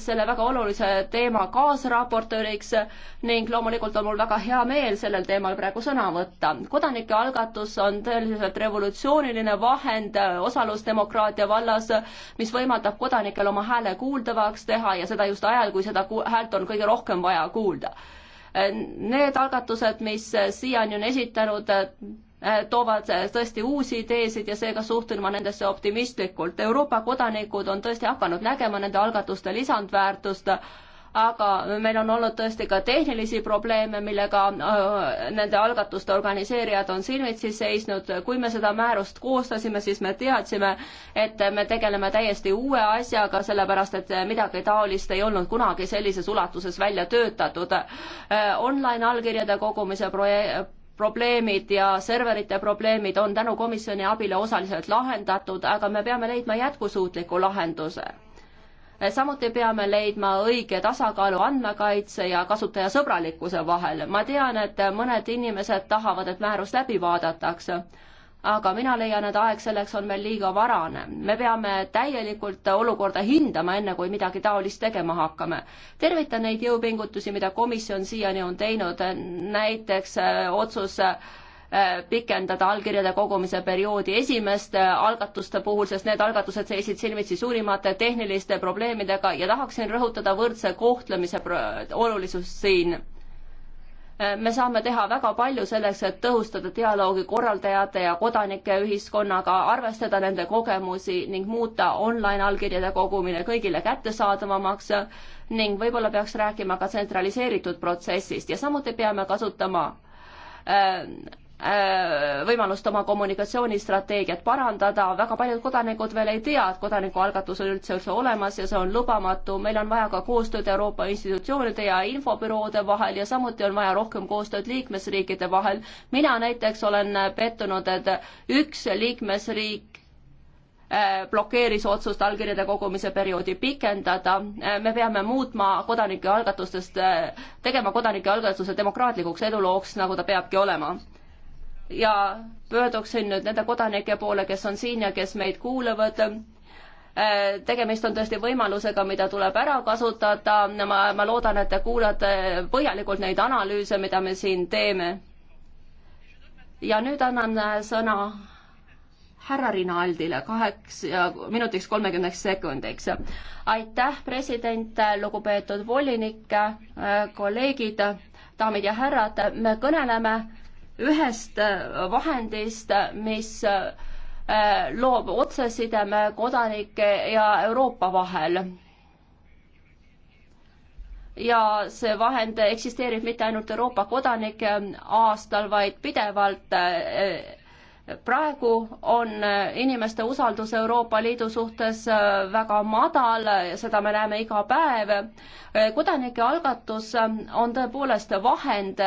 selle väga olulise teema kaasraportööriks ning loomulikult on mul väga hea meel sellel teemal praegu sõna võtta. kodanikealgatus on tõeliselt revolutsiooniline vahend osalusdemokraatia vallas, mis võimaldab kodanikel oma hääle kuuldavaks teha ja seda just ajal, kui seda häält on kõige rohkem vaja kuulda. Need algatused, mis siiani on esitanud Äh, toovad tõesti uusi ideesid ja seega suhtun ma nendesse optimistlikult. Euroopa kodanikud on tõesti hakanud nägema nende algatuste lisandväärtust, aga meil on olnud tõesti ka tehnilisi probleeme, millega äh, nende algatuste organiseerijad on silmitsi seisnud. kui me seda määrust koostasime, siis me teadsime, et me tegeleme täiesti uue asjaga, sellepärast et midagi taolist ei olnud kunagi sellises ulatuses välja töötatud. Äh, online allkirjade kogumise projekt probleemid ja serverite probleemid on tänu komisjoni abile osaliselt lahendatud, aga me peame leidma jätkusuutliku lahenduse. samuti peame leidma õige tasakaalu andmekaitse ja kasutajasõbralikkuse vahel. ma tean, et mõned inimesed tahavad, et määrus läbi vaadatakse aga mina leian, et aeg selleks on veel liiga varane. me peame täielikult olukorda hindama, enne kui midagi taolist tegema hakkame. tervitan neid jõupingutusi, mida komisjon siiani on teinud, näiteks äh, otsus äh, pikendada allkirjade kogumise perioodi esimeste äh, algatuste puhul, sest need algatused seisid silmitsi suurimate tehniliste probleemidega ja tahaksin rõhutada võrdse kohtlemise olulisust siin me saame teha väga palju selleks, et tõhustada dialoogi korraldajate ja kodanike ühiskonnaga, arvestada nende kogemusi ning muuta online allkirjade kogumine kõigile kättesaadavamaks ning võib-olla peaks rääkima ka tsentraliseeritud protsessist ja samuti peame kasutama äh, Äh, võimalust oma kommunikatsioonistrateegiat parandada, väga paljud kodanikud veel ei tea, et kodanikualgatus on üldse üldse olemas ja see on lubamatu, meil on vaja ka koostööd Euroopa institutsioonide ja infobüroode vahel ja samuti on vaja rohkem koostööd liikmesriikide vahel. mina näiteks olen pettunud, et üks liikmesriik äh, blokeeris otsust allkirjade kogumise perioodi pikendada. Äh, me peame muutma kodanike algatustest, tegema kodanike algatuse demokraatlikuks edulooks, nagu ta peabki olema ja pöörduksin nüüd nende kodanike poole, kes on siin ja kes meid kuulavad äh, tegemist on tõesti võimalusega, mida tuleb ära kasutada, ma, ma loodan, et te kuulate põhjalikult neid analüüse, mida me siin teeme. ja nüüd annan äh, sõna härra Rinaldile kaheks ja minutiks kolmekümneks sekundiks. aitäh, president, lugupeetud volinik, äh, kolleegid, daamid ja härrad, me kõneleme ühest äh, vahendist, mis äh, loob otsesideme kodanike ja Euroopa vahel ja see vahend eksisteerib mitte ainult Euroopa kodanike aastal, vaid pidevalt. Äh, praegu on inimeste usaldus Euroopa Liidu suhtes väga madal, seda me näeme iga päev. kodanike algatus on tõepoolest vahend,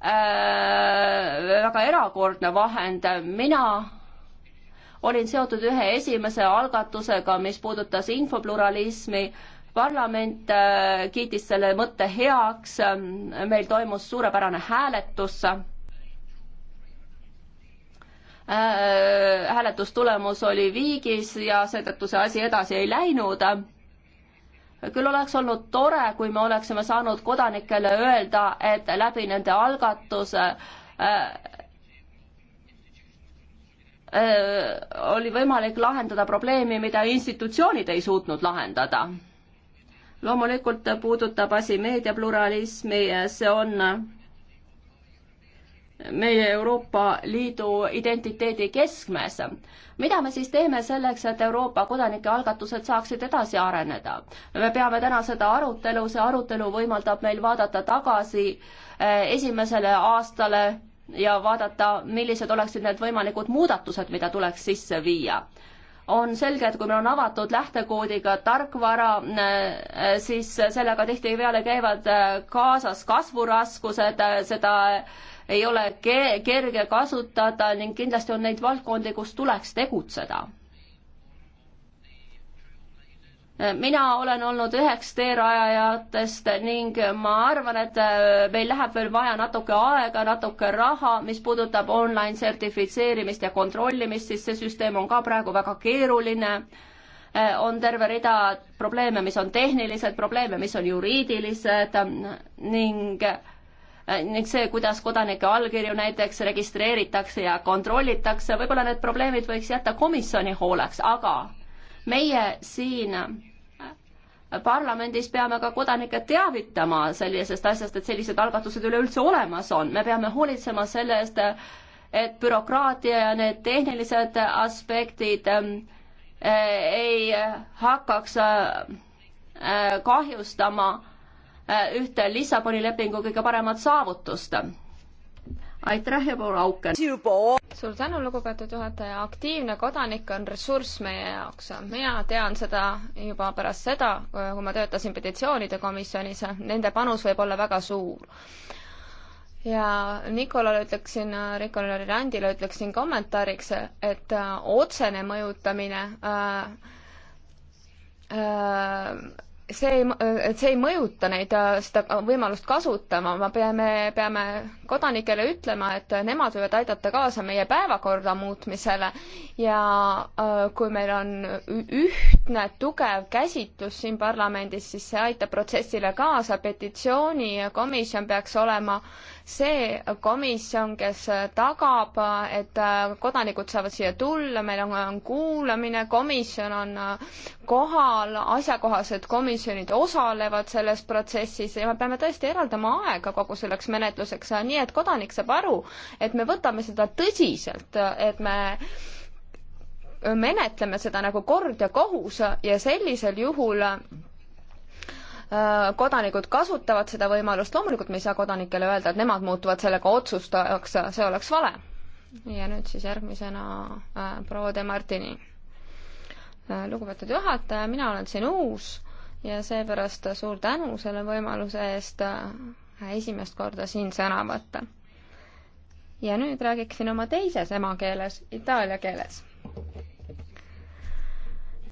Äh, väga erakordne vahend, mina olin seotud ühe esimese algatusega, mis puudutas infopluralismi, parlament äh, kiitis selle mõtte heaks, meil toimus suurepärane hääletus äh, hääletustulemus oli viigis ja seetõttu see asi edasi ei läinud küll oleks olnud tore, kui me oleksime saanud kodanikele öelda, et läbi nende algatuse äh, äh, oli võimalik lahendada probleemi, mida institutsioonid ei suutnud lahendada. loomulikult puudutab asi meediapluralismi, see on meie Euroopa Liidu identiteedi keskmes. mida me siis teeme selleks, et Euroopa kodanike algatused saaksid edasi areneda? me peame täna seda arutelu, see arutelu võimaldab meil vaadata tagasi eh, esimesele aastale ja vaadata, millised oleksid need võimalikud muudatused, mida tuleks sisse viia on selge, et kui meil on avatud lähtekoodiga tarkvara, eh, siis sellega tihtipeale käivad eh, kaasas kasvuraskused, seda ei ole ke kerge kasutada ning kindlasti on neid valdkondi, kus tuleks tegutseda. mina olen olnud üheks teerajajatest ning ma arvan, et äh, meil läheb veel vaja natuke aega, natuke raha, mis puudutab online sertifitseerimist ja kontrollimist, siis see süsteem on ka praegu väga keeruline äh, on terve rida probleeme, mis on tehnilised, probleeme, mis on juriidilised ning Äh, ning see, kuidas kodanike allkirju näiteks registreeritakse ja kontrollitakse, võib-olla need probleemid võiks jätta komisjoni hooleks, aga meie siin äh, parlamendis peame ka kodanikke teavitama sellisest asjast, et sellised algatused üleüldse olemas on, me peame hoolitsema selle eest, et bürokraatia ja need tehnilised aspektid äh, ei hakkaks äh, kahjustama äh, Äh, ühte Lissaboni lepingu kõige paremat saavutust. aitäh ja pool auke! suur tänu, lugupeetud juhataja, aktiivne kodanik on ressurss meie jaoks. mina tean seda juba pärast seda, kui ma töötasin petitsioonide komisjonis, nende panus võib olla väga suur ja Nikolale ütleksin, Nikolale Randile ütleksin kommentaariks, et äh, otsene mõjutamine äh, äh, see ei, et see ei mõjuta neid äh, seda äh, võimalust kasutama, me peame, peame kodanikele ütlema, et nemad võivad aidata kaasa meie päevakorda muutmisele ja äh, kui meil on ühtne tugev käsitlus siin parlamendis, siis see aitab protsessile kaasa, petitsioonikomisjon peaks olema äh, see komisjon, kes tagab, et äh, kodanikud saavad siia tulla, meil on, on kuulamine, komisjon on äh, kohal, asjakohased komisjonid osalevad selles protsessis ja me peame tõesti eraldama aega kogu selleks menetluseks, nii et kodanik saab aru, et me võtame seda tõsiselt, et me menetleme seda nagu kord ja kohus ja sellisel juhul Äh, kodanikud kasutavad seda võimalust, loomulikult me ei saa kodanikele öelda, et nemad muutuvad sellega otsustajaks, see oleks vale. ja nüüd siis järgmisena äh, proua De Martini äh,. lugupeetud juhataja, mina olen siin uus ja seepärast suur tänu selle võimaluse eest äh, esimest korda siin sõna võtta. ja nüüd räägiksin oma teises emakeeles, itaalia keeles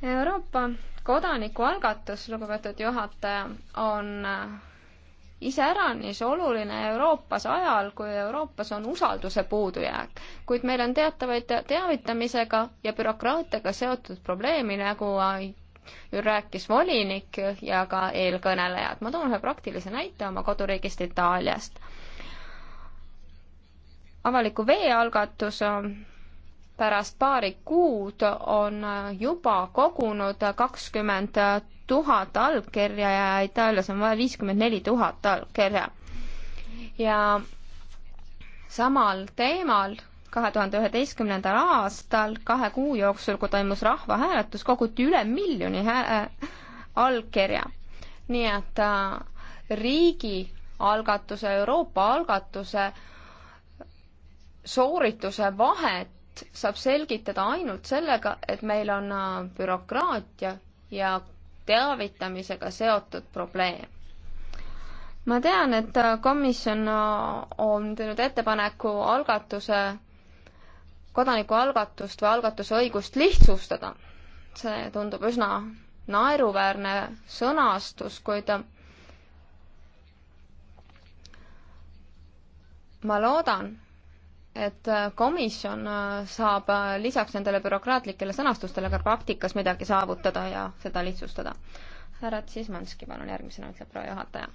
Euroopa kodanikualgatus, lugupeetud juhataja, on iseäranis oluline Euroopas ajal, kui Euroopas on usalduse puudujääk, kuid meil on teatavaid teavitamisega ja bürokraatiaga seotud probleemi, nagu rääkis volinik ja ka eelkõnelejad. ma toon ühe praktilise näite oma koduriigist Itaaliast. avaliku vee algatus pärast paari kuud on juba kogunud kakskümmend tuhat allkirja ja Itaalias on vaja viiskümmend neli tuhat allkirja. ja samal teemal kahe tuhande üheteistkümnendal aastal kahe kuu jooksul, kui toimus rahvahääletus, koguti üle miljoni hää-, äh, allkirja. nii et äh, riigi algatuse, Euroopa algatuse soorituse vahet Liit saab selgitada ainult sellega, et meil on äh, bürokraatia ja teavitamisega seotud probleem. ma tean, et äh, komisjon äh, on teinud ettepaneku algatuse, kodanikualgatust või algatuse õigust lihtsustada. see tundub üsna naeruväärne sõnastus, kuid ma loodan, et äh, komisjon äh, saab äh, lisaks nendele bürokraatlikele sõnastustele ka praktikas midagi saavutada ja seda lihtsustada. härra Tsismanski, palun järgmisena, ütleb proua juhataja.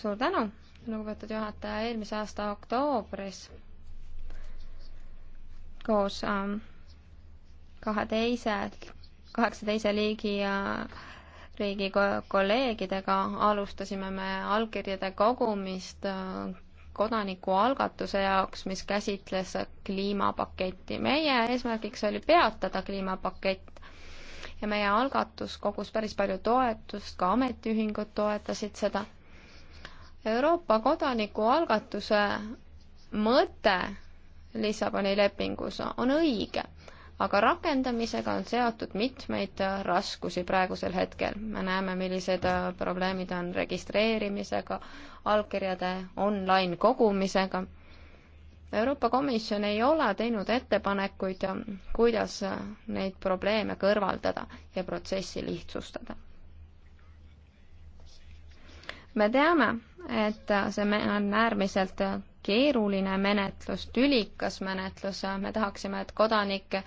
suur tänu, lugupeetud juhataja, eelmise aasta oktoobris koos ähm, kahe teise, kaheksa teise liigi ja riigi kolleegidega alustasime me allkirjade kogumist äh, kodanikualgatuse jaoks, mis käsitles kliimapaketti. meie eesmärgiks oli peatada kliimapakett ja meie algatus kogus päris palju toetust, ka ametiühingud toetasid seda. Euroopa kodanikualgatuse mõte Lissaboni lepingus on õige aga rakendamisega on seotud mitmeid äh, raskusi praegusel hetkel. me näeme, millised äh, probleemid on registreerimisega, allkirjade online kogumisega. Euroopa Komisjon ei ole teinud ettepanekuid, äh, kuidas neid probleeme kõrvaldada ja protsessi lihtsustada. me teame, et see on äärmiselt keeruline menetlus, tülikas menetlus, me tahaksime, et kodanikke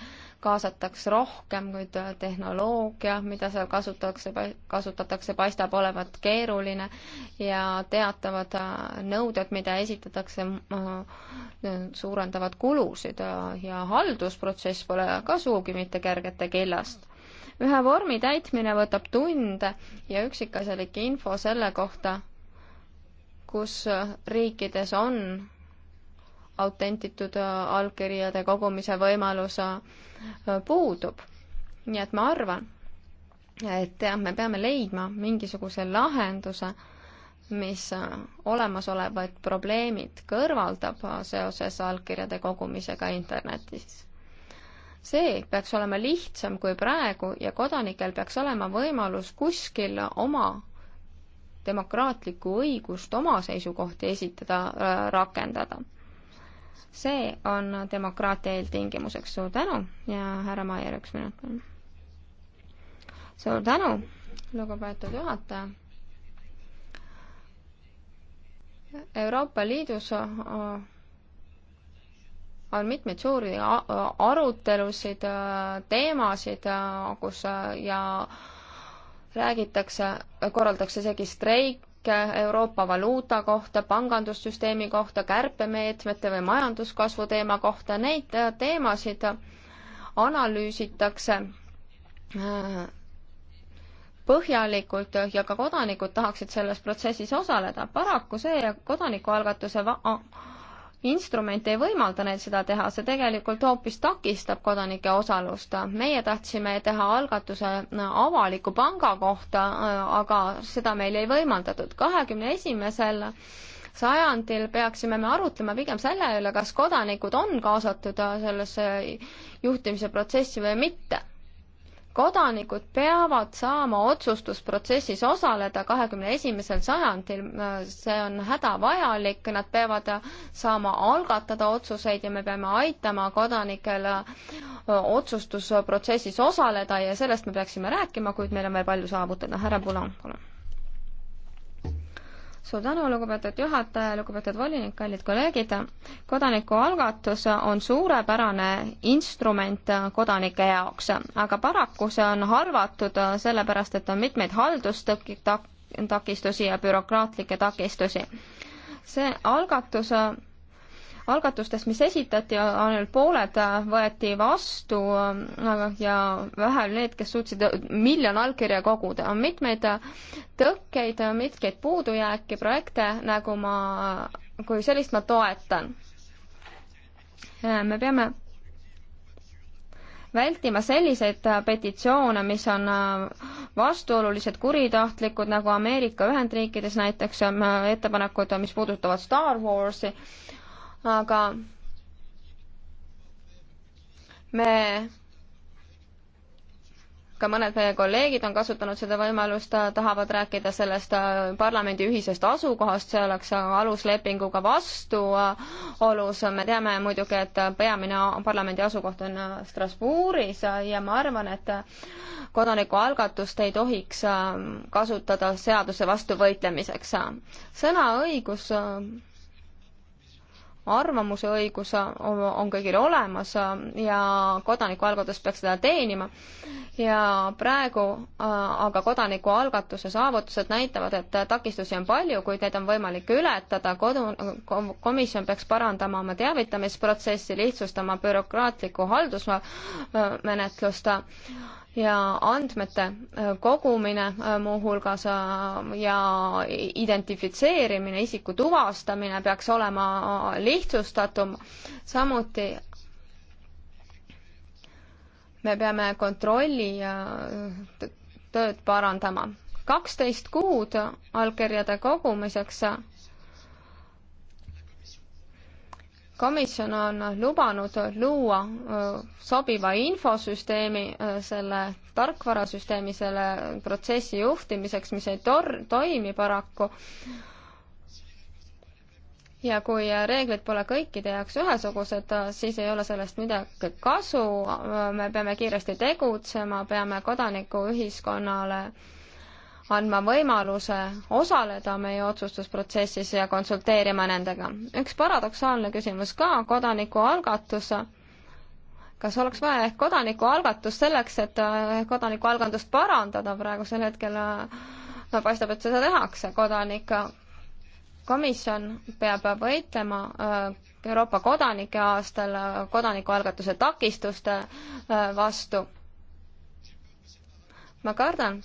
kaasataks rohkem, kuid tehnoloogia, mida seal kasutatakse, kasutatakse, paistab olevat keeruline ja teatavad äh, nõuded, mida esitatakse, äh, suurendavad kulusid äh, ja haldusprotsess pole ka sugugi mitte kergete killast ühe vormi täitmine võtab tunde ja üksikasjalik info selle kohta, kus riikides on autentitud äh, allkirjade kogumise võimalus äh, puudub. nii et ma arvan, et jah, me peame leidma mingisuguse lahenduse, mis äh, olemasolevad probleemid kõrvaldab seoses allkirjade kogumisega internetis. see peaks olema lihtsam kui praegu ja kodanikel peaks olema võimalus kuskil oma demokraatlikku õigust oma seisukohti esitada, äh, rakendada. see on demokraatia eeltingimuseks, suur tänu ja härra Maier, üks minut palun. suur tänu, lugupeetud juhataja. Euroopa Liidus äh, äh, on mitmeid suuri arutelusid, teemasid, kus ja räägitakse, korraldatakse isegi streike Euroopa valuuta kohta, pangandussüsteemi kohta, kärpemeetmete või majanduskasvu teema kohta, neid teemasid analüüsitakse äh, põhjalikult ja ka kodanikud tahaksid selles protsessis osaleda. paraku see kodanikualgatuse va-, instrument ei võimalda neil seda teha, see tegelikult hoopis takistab kodanike osalust. meie tahtsime teha algatuse äh, avaliku panga kohta, äh, aga seda meil ei võimaldatud. kahekümne esimesel sajandil peaksime me arutlema pigem selle üle, kas kodanikud on kaasatud äh, sellesse juhtimise protsessi või mitte kodanikud peavad saama otsustusprotsessis osaleda kahekümne esimesel sajandil, see on hädavajalik, nad peavad saama algatada otsuseid ja me peame aitama kodanikel otsustusprotsessis osaleda ja sellest me peaksime rääkima, kuid meil on veel palju saavutada. härra Pulan, palun suur tänu, lugupeetud juhataja, lugupeetud volinik, kallid kolleegid. kodanikualgatus on suurepärane instrument kodanike jaoks, aga paraku see on halvatud sellepärast, et on mitmeid haldustakistusi ja bürokraatlikke takistusi. see algatus algatustest, mis esitati, ainult pooled võeti vastu ja vähe oli need, kes suutsid miljon allkirja koguda. on mitmeid tõkkeid, mitmeid puudujääke, projekte, nagu ma, kui sellist ma toetan. me peame vältima selliseid petitsioone, mis on vastuolulised, kuritahtlikud, nagu Ameerika Ühendriikides näiteks on ähm, ettepanekud, mis puudutavad Star Warsi aga me, ka mõned meie kolleegid on kasutanud seda võimalust, tahavad rääkida sellest äh, parlamendi ühisest asukohast, see oleks aluslepinguga vastuolus, me teame muidugi, et peamine parlamendi asukoht on äh, Strasbourgis ja ma arvan, et äh, kodanikualgatust ei tohiks kasutada seaduse vastu võitlemiseks. sõnaõigus arvamuse õigus on, on kõigil olemas ja kodanikualgatus peaks seda teenima. ja praegu äh, aga kodanikualgatuse saavutused näitavad, et takistusi on palju, kuid need on võimalik ületada. kodu, komisjon peaks parandama oma teavitamisprotsessi, lihtsustama bürokraatlikku haldusmenetlust ja andmete äh, kogumine äh, muuhulgas äh, ja identifitseerimine, isiku tuvastamine peaks olema lihtsustatum, samuti me peame kontrolli ja tööd parandama. kaksteist kuud allkirjade kogumiseks komisjon on lubanud luua sobiva infosüsteemi selle tarkvarasüsteemi selle protsessi juhtimiseks, mis ei tor-, toimi paraku. ja kui reeglid pole kõikide jaoks ühesugused, siis ei ole sellest midagi kasu, me peame kiiresti tegutsema, peame kodanikuühiskonnale äh, andma võimaluse osaleda meie otsustusprotsessis ja konsulteerima nendega. üks paradoksaalne küsimus ka, kodanikualgatus. kas oleks vaja ehk kodanikualgatust selleks, et äh, kodanikualgandust parandada, praegusel hetkel no paistab, et seda tehakse, kodanik komisjon peab võitlema äh, Euroopa kodanike aastal äh, kodanikualgatuse takistuste vastu. ma kardan,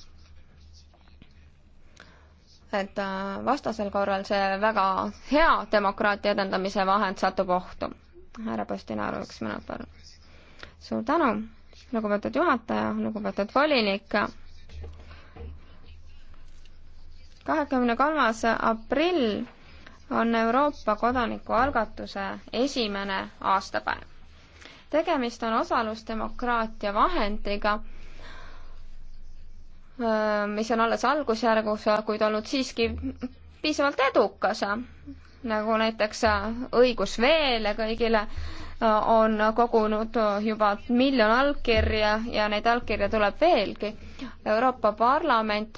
et äh, vastasel korral see väga hea demokraatia edendamise vahend satub ohtu. härra Postinaru, üks minut palun. suur tänu, lugupeetud juhataja, lugupeetud volinik. kahekümne kolmas aprill on Euroopa kodanikualgatuse esimene aastapäev. tegemist on osalusdemokraatia vahendiga mis on alles algusjärgus, kuid olnud siiski piisavalt edukas, nagu näiteks õigus veele kõigile on kogunud juba miljon allkirja ja neid allkirja tuleb veelgi. Euroopa Parlament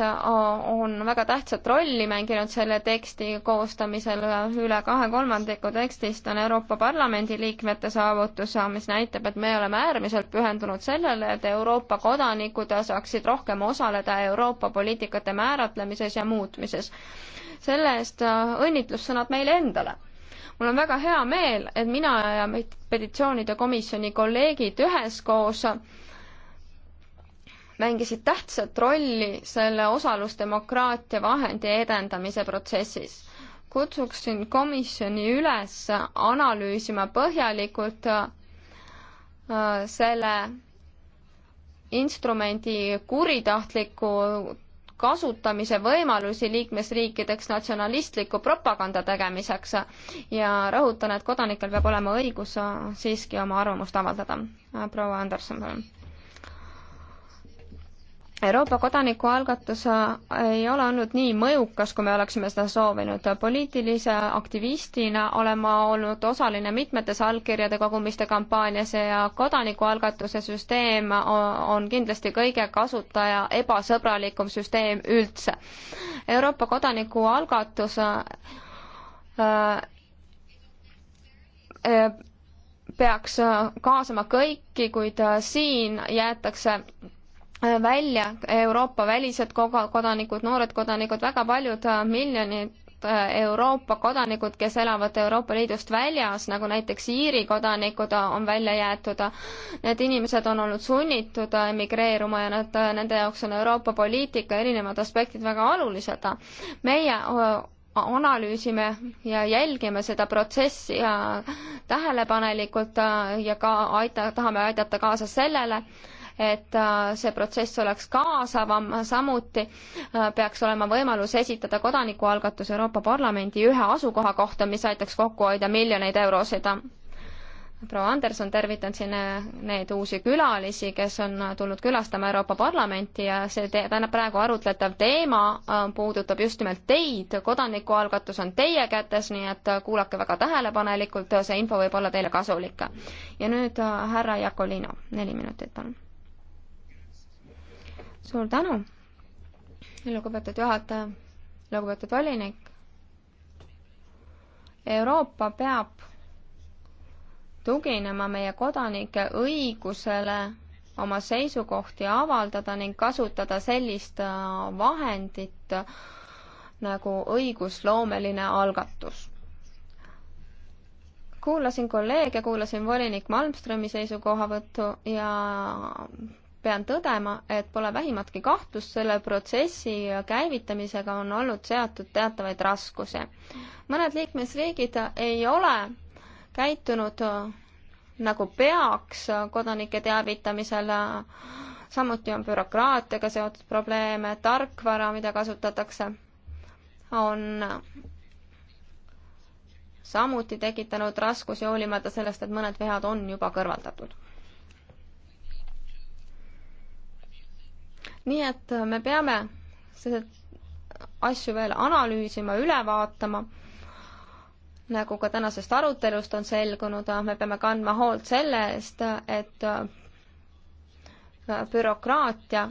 on väga tähtsat rolli mänginud selle teksti koostamisel, üle kahe kolmandiku tekstist on Euroopa Parlamendi liikmete saavutus, mis näitab, et me oleme äärmiselt pühendunud sellele, et Euroopa kodanikud saaksid rohkem osaleda Euroopa poliitikate määratlemises ja muutmises. selle eest õnnitlussõnad meile endale mul on väga hea meel, et mina ja petitsioonide komisjoni kolleegid üheskoos mängisid tähtsat rolli selle osalusdemokraatia vahendi edendamise protsessis. kutsuksin komisjoni üles analüüsima põhjalikult äh, selle instrumendi kuritahtlikku kasutamise võimalusi liikmesriikideks natsionalistliku propaganda tegemiseks ja rõhutan, et kodanikel peab olema õigus äh, siiski oma arvamust avaldada. Äh, proua Anderson, palun Euroopa kodanikualgatus äh, ei ole olnud nii mõjukas, kui me oleksime seda soovinud. poliitilise aktivistina olen ma olnud osaline mitmetes allkirjade kogumiste kampaanias ja kodanikualgatuse süsteem on kindlasti kõige kasutaja ebasõbralikum süsteem üldse. Euroopa kodanikualgatus äh, äh, peaks kaasama kõiki, kuid äh, siin jäetakse välja Euroopa välised kodanikud, noored kodanikud, väga paljud äh, miljonid äh, Euroopa kodanikud, kes elavad Euroopa Liidust väljas, nagu näiteks Iiri kodanikud, äh, on välja jäetud. Need inimesed on olnud sunnitud emigreeruma ja nad, nende jaoks on Euroopa poliitika erinevad aspektid väga olulised. meie analüüsime ja jälgime seda protsessi ja tähelepanelikult ja ka aita-, tahame aidata kaasa sellele, et äh, see protsess oleks kaasavam, samuti äh, peaks olema võimalus esitada kodanikualgatus Euroopa Parlamendi ühe asukoha kohta, mis aitaks kokku hoida miljoneid eurosid. proua Anderson, tervitan siin äh, neid uusi külalisi, kes on tulnud külastama Euroopa Parlamenti ja see te-, täna praegu arutletav teema puudutab just nimelt teid, kodanikualgatus on teie kätes, nii et kuulake väga tähelepanelikult, see info võib olla teile kasulik. ja nüüd härra Jakolino, neli minutit, palun suur tänu, lugupeetud juhataja, lugupeetud volinik. Euroopa peab tuginema meie kodanike õigusele oma seisukohti avaldada ning kasutada sellist äh, vahendit nagu õigusloomeline algatus. kuulasin kolleege, kuulasin volinik Malmströmi seisukohavõttu ja pean tõdema, et pole vähimatki kahtlust, selle protsessi käivitamisega on olnud seatud teatavaid raskusi. mõned liikmesriigid ei ole käitunud äh, nagu peaks kodanike teavitamisel, samuti on bürokraatiaga seotud probleeme, tarkvara, mida kasutatakse, on samuti tekitanud raskusi, hoolimata sellest, et mõned vead on juba kõrvaldatud nii et äh, me peame seda asju veel analüüsima, üle vaatama, nagu ka tänasest arutelust on selgunud, äh, me peame kandma hoolt selle eest, äh, et bürokraatia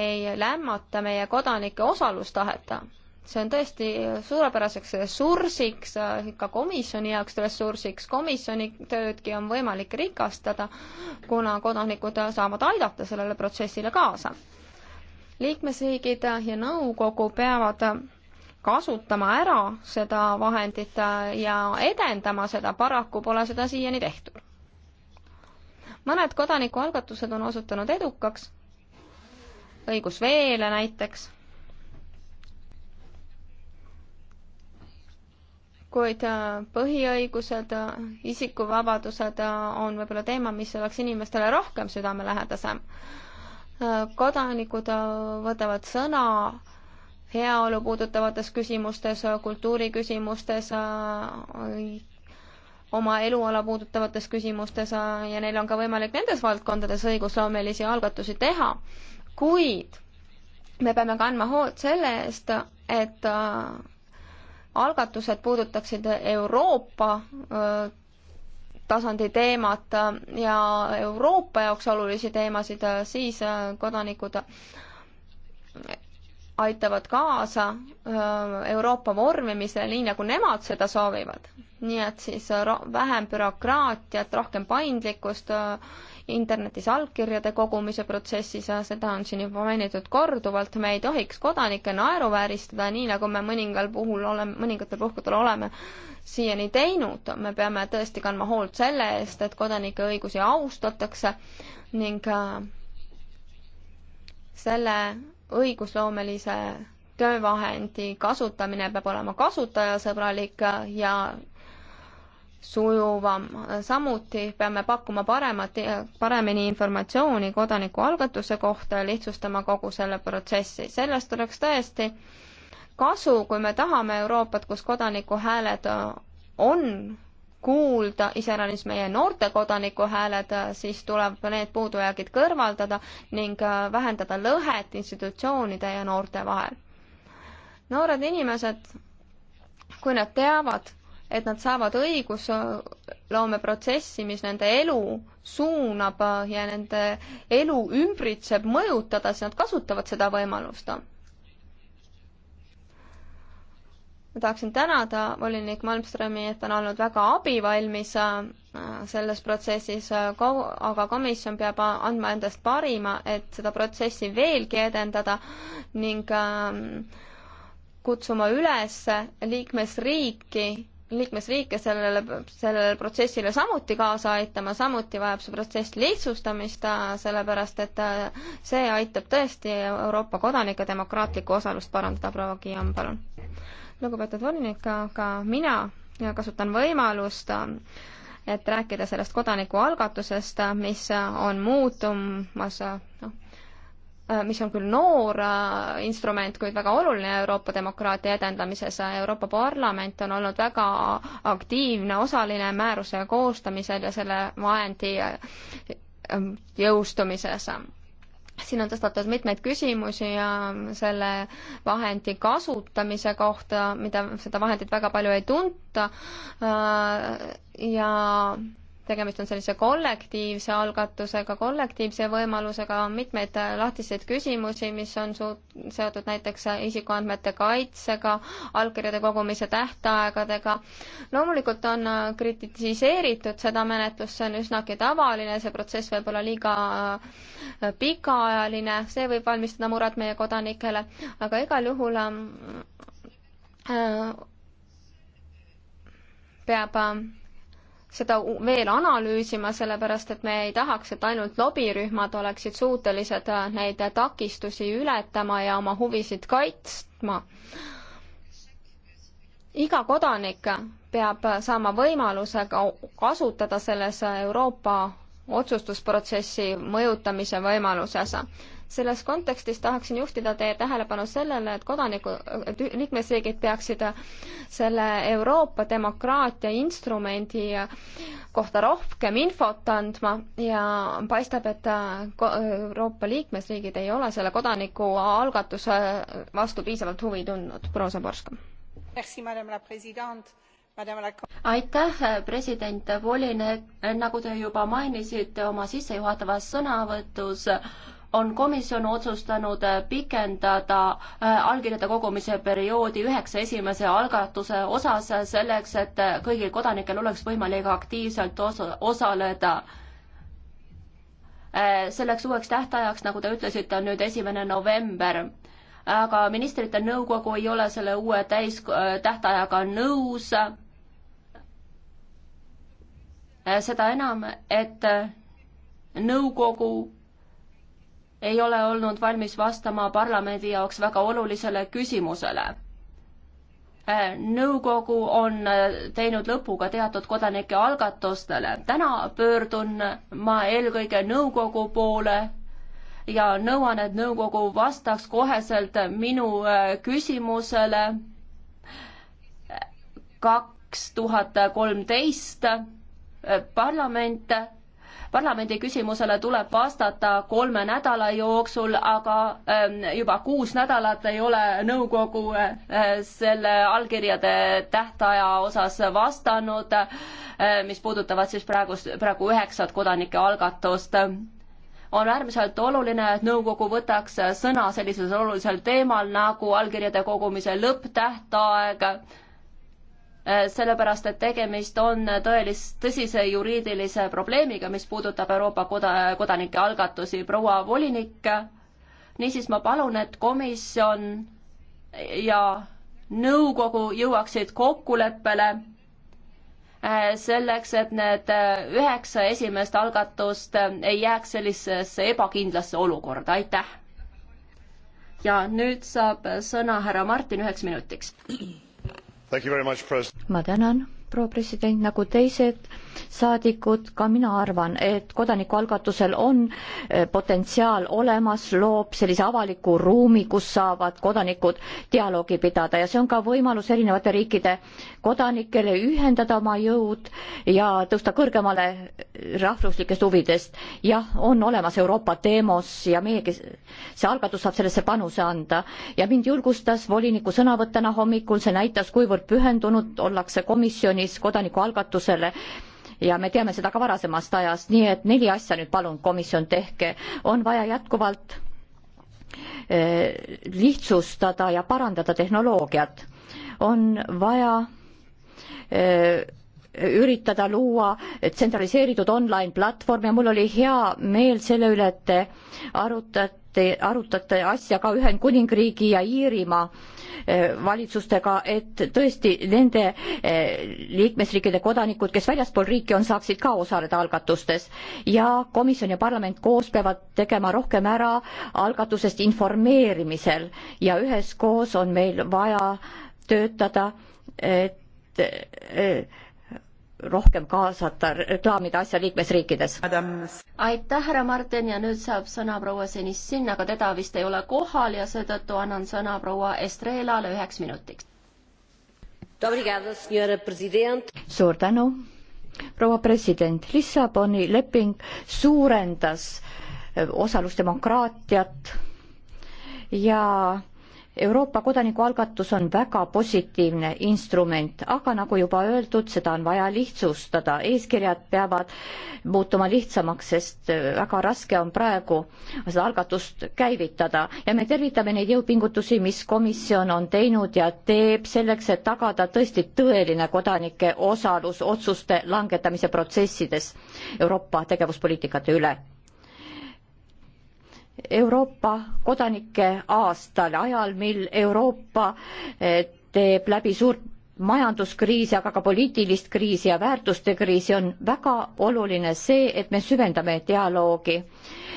ei lämmata meie kodanike osalustahet see on tõesti suurepäraseks ressursiks, ka komisjoni jaoks ressursiks, komisjoni töödki on võimalik rikastada, kuna kodanikud saavad aidata sellele protsessile kaasa. liikmesriigid ja nõukogu peavad kasutama ära seda vahendit ja edendama seda, paraku pole seda siiani tehtud. mõned kodanikualgatused on osutunud edukaks, õigus veele näiteks kuid äh, põhiõigused, äh, isikuvabadused äh, on võib-olla teema, mis oleks inimestele rohkem südamelähedasem. kodanikud võtavad sõna heaolu puudutavates küsimustes, kultuuriküsimustes, oma eluala puudutavates küsimustes ja neil on ka võimalik nendes valdkondades õigusloomelisi algatusi teha, kuid me peame kandma hoolt selle eest, et algatused puudutaksid Euroopa tasandi teemat ja Euroopa jaoks olulisi teemasid, siis kodanikud aitavad kaasa Euroopa vormimisele, nii nagu nemad seda soovivad nii et siis äh, vähem bürokraatiat, rohkem paindlikkust äh, internetis allkirjade kogumise protsessis ja äh, seda on siin juba mainitud korduvalt, me ei tohiks kodanikke naeruvääristada, nii nagu me mõningal puhul oleme, mõningatel puhkudel oleme siiani teinud, me peame tõesti kandma hoolt selle eest, et kodanike õigusi austatakse ning selle õigusloomelise töövahendi kasutamine peab olema kasutajasõbralik ja sujuvam. samuti peame pakkuma paremat, paremini informatsiooni kodanikualgatuse kohta ja lihtsustama kogu selle protsessi. sellest oleks tõesti kasu, kui me tahame Euroopat, kus kodanikuhääled on kuulda, iseäranis meie noorte kodaniku hääled, siis tuleb need puudujäägid kõrvaldada ning vähendada lõhet institutsioonide ja noorte vahel. noored inimesed, kui nad teavad, et nad saavad õigusloomeprotsessi, mis nende elu suunab ja nende elu ümbritseb, mõjutada, siis nad kasutavad seda võimalust. ma tahaksin tänada volinik Malmströmi, et ta on olnud väga abivalmis äh, selles protsessis, aga komisjon peab andma endast parima, et seda protsessi veelgi edendada ning ähm, kutsuma üles liikmesriiki liikmesriike sellele, sellele protsessile samuti kaasa aitama, samuti vajab see protsess lihtsustamist, äh, sellepärast et äh, see aitab tõesti Euroopa kodanike demokraatlikku osalust parandada, proua Guillaume, palun. lugupeetud volinik, aga mina kasutan võimalust, äh, et rääkida sellest kodanikualgatusest, mis on muutumas, noh, Äh, mis on küll noor äh, instrument, kuid väga oluline Euroopa demokraatia edendamises. Euroopa Parlament on olnud väga aktiivne osaline määruse koostamisel ja selle vahendi äh, jõustumises. siin on tõstatatud mitmeid küsimusi ja selle vahendi kasutamise kohta, mida, seda vahendit väga palju ei tunta ja tegemist on sellise kollektiivse algatusega, kollektiivse võimalusega, on mitmeid lahtiseid küsimusi, mis on suut-, seotud näiteks isikuandmete kaitsega, allkirjade kogumise tähtaegadega. loomulikult on kritiseeritud seda menetlust, see on üsnagi tavaline, see protsess võib olla liiga äh, pikaajaline, see võib valmistada muret meie kodanikele, aga igal juhul äh, peab äh, seda veel analüüsima, sellepärast et me ei tahaks, et ainult lobirühmad oleksid suutelised äh, neid takistusi ületama ja oma huvisid kaitsma. iga kodanik peab saama võimaluse ka kasutada selles Euroopa otsustusprotsessi mõjutamise võimaluses selles kontekstis tahaksin juhtida teie tähelepanu sellele, et kodaniku, liikmesriigid peaksid selle Euroopa demokraatia instrumendi kohta rohkem infot andma ja paistab, et Euroopa liikmesriigid ei ole selle kodanikualgatuse vastu piisavalt huvi tundnud. proua Zaborska. aitäh, president Voline, nagu te juba mainisite oma sissejuhatavas sõnavõtus, on komisjon otsustanud äh, pikendada äh, allkirjade kogumise perioodi üheksa esimese algatuse osas selleks, et äh, kõigil kodanikel oleks võimalik aktiivselt osaleda. selleks uueks tähtajaks, nagu te ütlesite, on nüüd esimene november aga ministrite nõukogu ei ole selle uue täis, tähtajaga nõus. seda enam, et nõukogu ei ole olnud valmis vastama parlamendi jaoks väga olulisele küsimusele. nõukogu on teinud lõpu ka teatud kodanike algatustele. täna pöördun ma eelkõige nõukogu poole ja nõuan, et nõukogu vastaks koheselt minu äh, küsimusele kaks tuhat kolmteist parlament parlamendi küsimusele tuleb vastata kolme nädala jooksul, aga ähm, juba kuus nädalat ei ole nõukogu äh, selle allkirjade tähtaja osas vastanud, äh, mis puudutavad siis praegust, praegu üheksat kodanike algatust on äärmiselt oluline, et nõukogu võtaks sõna sellisel olulisel teemal nagu allkirjade kogumise lõpptähtaeg Äh, sellepärast et tegemist on tõelist, tõsise juriidilise probleemiga, mis puudutab Euroopa koda, kodanike algatusi. proua volinik, niisiis ma palun, et komisjon ja nõukogu jõuaksid kokkuleppele äh, selleks, et need äh, üheksa esimest algatust ei jääks sellisesse ebakindlasse olukorda, aitäh! ja nüüd saab sõna härra Martin üheks minutiks ma tänan proua president, nagu teised saadikud, ka mina arvan, et kodanikualgatusel on eh, potentsiaal olemas, loob sellise avaliku ruumi, kus saavad kodanikud dialoogi pidada ja see on ka võimalus erinevate riikide kodanikele ühendada oma jõud ja tõusta kõrgemale eh, rahvuslikest huvidest. jah, on olemas Euroopa teemos ja meiegi, see algatus saab sellesse panuse anda ja mind julgustas voliniku sõnavõtt täna hommikul, see näitas, kuivõrd pühendunud ollakse komisjoni komisjonis kodanikualgatusele ja me teame seda ka varasemast ajast, nii et neli asja nüüd palun, komisjon, tehke. on vaja jätkuvalt eh, lihtsustada ja parandada tehnoloogiat. on vaja eh, üritada luua tsentraliseeritud online platvorm ja mul oli hea meel selle üle, et te arutate, arutate asja ka Ühendkuningriigi ja Iirimaa Eh, valitsustega, et tõesti nende eh, liikmesriikide kodanikud, kes väljaspool riiki on, saaksid ka osaleda algatustes ja komisjon ja parlament koos peavad tegema rohkem ära algatusest informeerimisel ja üheskoos on meil vaja töötada, et eh, rohkem kaasata, reklaamida asja liikmesriikides. aitäh, härra Martin ja nüüd saab sõna proua Senissin, aga teda vist ei ole kohal ja seetõttu annan sõna proua Estrelale üheks minutiks. suur tänu, proua president. Lissaboni leping suurendas eh, osalusdemokraatiat ja Euroopa kodanikualgatus on väga positiivne instrument, aga nagu juba öeldud, seda on vaja lihtsustada, eeskirjad peavad muutuma lihtsamaks, sest äh, väga raske on praegu seda algatust käivitada ja me tervitame neid jõupingutusi, mis komisjon on teinud ja teeb selleks, et tagada tõesti tõeline kodanike osalus otsuste langetamise protsessides Euroopa tegevuspoliitikate üle Euroopa kodanike aastal, ajal, mil Euroopa eh, teeb läbi suurt majanduskriisi, aga ka poliitilist kriisi ja väärtuste kriisi, on väga oluline see, et me süvendame dialoogi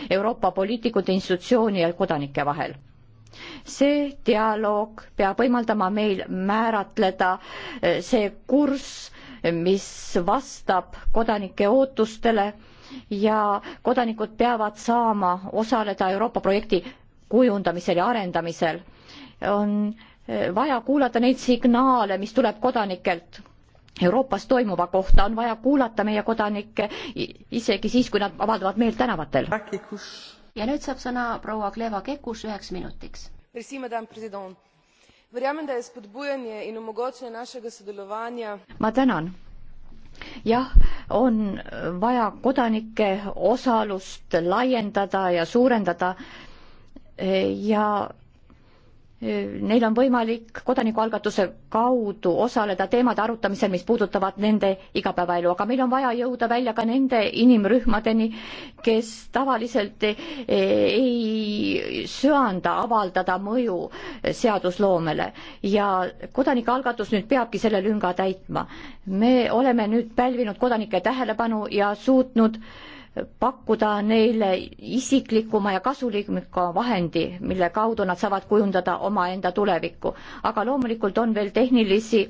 Euroopa poliitikute, institutsiooni ja kodanike vahel. see dialoog peab võimaldama meil määratleda eh, see kurss, mis vastab kodanike ootustele ja kodanikud peavad saama osaleda Euroopa projekti kujundamisel ja arendamisel. on eh, vaja kuulata neid signaale, mis tuleb kodanikelt Euroopas toimuva kohta, on vaja kuulata meie kodanikke isegi siis, kui nad avaldavad meelt tänavatel. ja nüüd saab sõna proua Kleva Kekus üheks minutiks. ma tänan jah, on vaja kodanike osalust laiendada ja suurendada ja neil on võimalik kodanikualgatuse kaudu osaleda teemade arutamisel, mis puudutavad nende igapäevaelu, aga meil on vaja jõuda välja ka nende inimrühmadeni, kes tavaliselt eh, ei söanda avaldada mõju seadusloomele ja kodanikualgatus nüüd peabki selle lünga täitma. me oleme nüüd pälvinud kodanike tähelepanu ja suutnud äh, pakkuda neile isiklikuma ja kasulikuma vahendi, mille kaudu nad saavad kujundada omaenda tulevikku. aga loomulikult on veel tehnilisi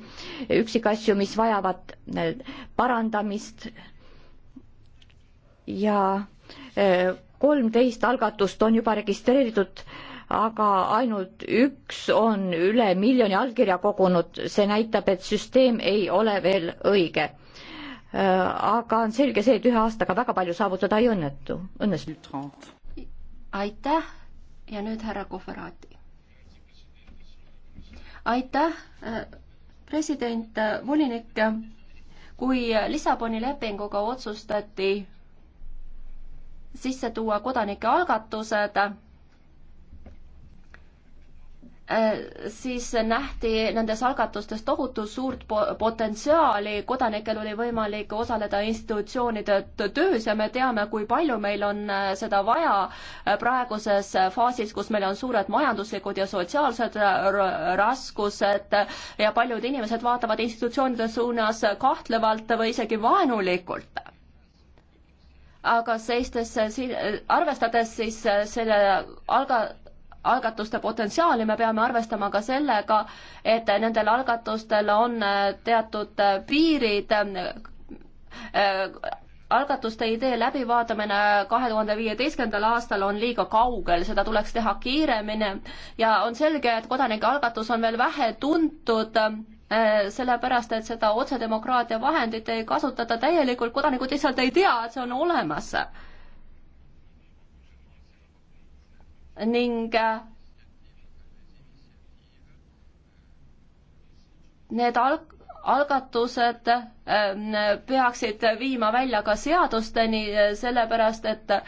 üksikasju, mis vajavad äh, parandamist ja äh, kolmteist algatust on juba registreeritud, aga ainult üks on üle miljoni allkirja kogunud, see näitab, et süsteem ei ole veel õige Äh, aga on selge see, et ühe aastaga väga palju saavutada ei õnnetu, õnnestu. aitäh ja nüüd härra Kohveraati. aitäh, äh, president, äh, volinik. kui Lissaboni lepinguga otsustati sisse tuua kodanike algatused Äh, siis nähti nendes algatustes tohutu suurt potentsiaali, kodanikel oli võimalik osaleda institutsioonide töös ja me teame, kui palju meil on äh, seda vaja äh, praeguses faasis, kus meil on suured majanduslikud ja sotsiaalsed raskused ja paljud inimesed vaatavad institutsioonide suunas kahtlevalt või isegi vaenulikult aga seistes, arvestades siis selle alga-, algatuste potentsiaali, me peame arvestama ka sellega, et nendel algatustel on äh, teatud äh, piirid. Äh, algatuste idee läbivaatamine kahe tuhande viieteistkümnendal aastal on liiga kaugel, seda tuleks teha kiiremini ja on selge, et kodanikealgatus on veel vähe tuntud sellepärast, et seda otsedemokraatia vahendit ei kasutata täielikult, kodanikud lihtsalt ei tea, et see on olemas ning äh, need alg-, algatused ähm, peaksid viima välja ka seadusteni, äh, sellepärast et äh,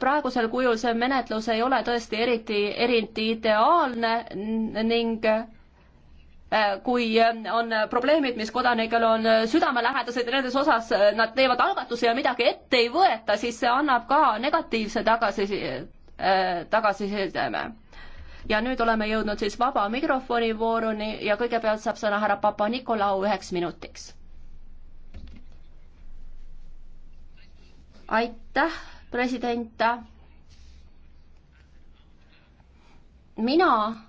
praegusel kujul see menetlus ei ole tõesti eriti, eriti ideaalne ning Äh, kui äh, on äh, probleemid, mis kodanikel on südamelähedased ja nendes osas nad teevad algatusi ja midagi ette ei võeta, siis see annab ka negatiivse tagasiside, tagasiside. ja nüüd oleme jõudnud siis vaba mikrofoni vooruni ja kõigepealt saab sõna härra Papa-Nikolau üheks minutiks. aitäh, president. mina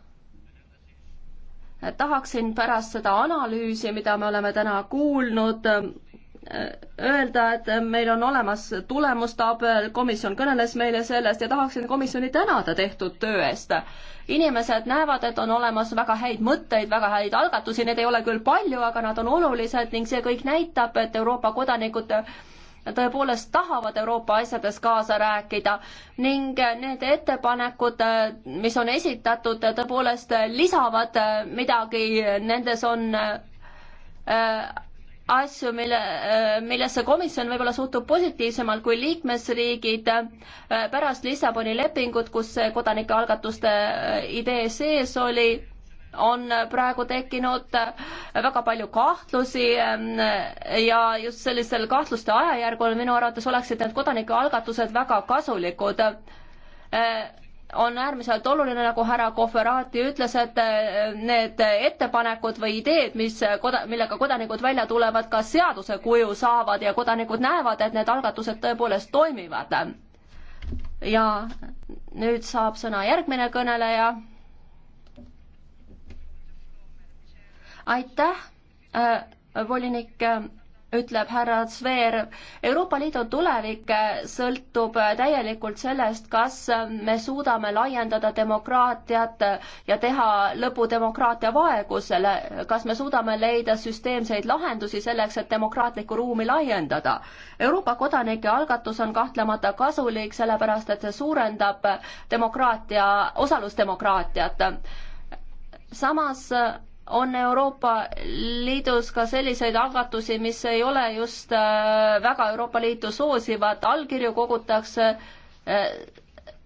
tahaksin pärast seda analüüsi, mida me oleme täna kuulnud, öelda, et meil on olemas tulemustabel, komisjon kõneles meile sellest ja tahaksin komisjoni tänada tehtud töö eest. inimesed näevad, et on olemas väga häid mõtteid, väga häid algatusi, neid ei ole küll palju, aga nad on olulised ning see kõik näitab, et Euroopa kodanikud tõepoolest tahavad Euroopa asjades kaasa rääkida ning need ettepanekud, äh, mis on esitatud, tõepoolest lisavad äh, midagi, nendes on äh, asju, mille, millesse komisjon võib-olla suhtub positiivsemalt kui liikmesriigid pärast Lissaboni lepingut, kus kodanikealgatuste idee sees oli on praegu tekkinud väga palju kahtlusi ähm, ja just sellisel kahtluste ajajärgul minu arvates oleksid need kodanikualgatused väga kasulikud äh, on äärmiselt oluline, nagu härra Kohverati ütles, et äh, need ettepanekud või ideed, mis koda-, millega kodanikud välja tulevad, ka seaduse kuju saavad ja kodanikud näevad, et need algatused tõepoolest toimivad. ja nüüd saab sõna järgmine kõneleja aitäh äh,, volinik äh, ütleb härra Sveer, Euroopa Liidu tulevik äh, sõltub äh, täielikult sellest, kas me suudame laiendada demokraatiat ja teha lõpu demokraatia vaegusele, kas me suudame leida süsteemseid lahendusi selleks, et demokraatlikku ruumi laiendada. Euroopa kodanike algatus on kahtlemata kasulik, sellepärast et see suurendab demokraatia, osalusdemokraatiat. samas on Euroopa Liidus ka selliseid algatusi, mis ei ole just äh, väga Euroopa Liitu soosivad, allkirju kogutakse äh,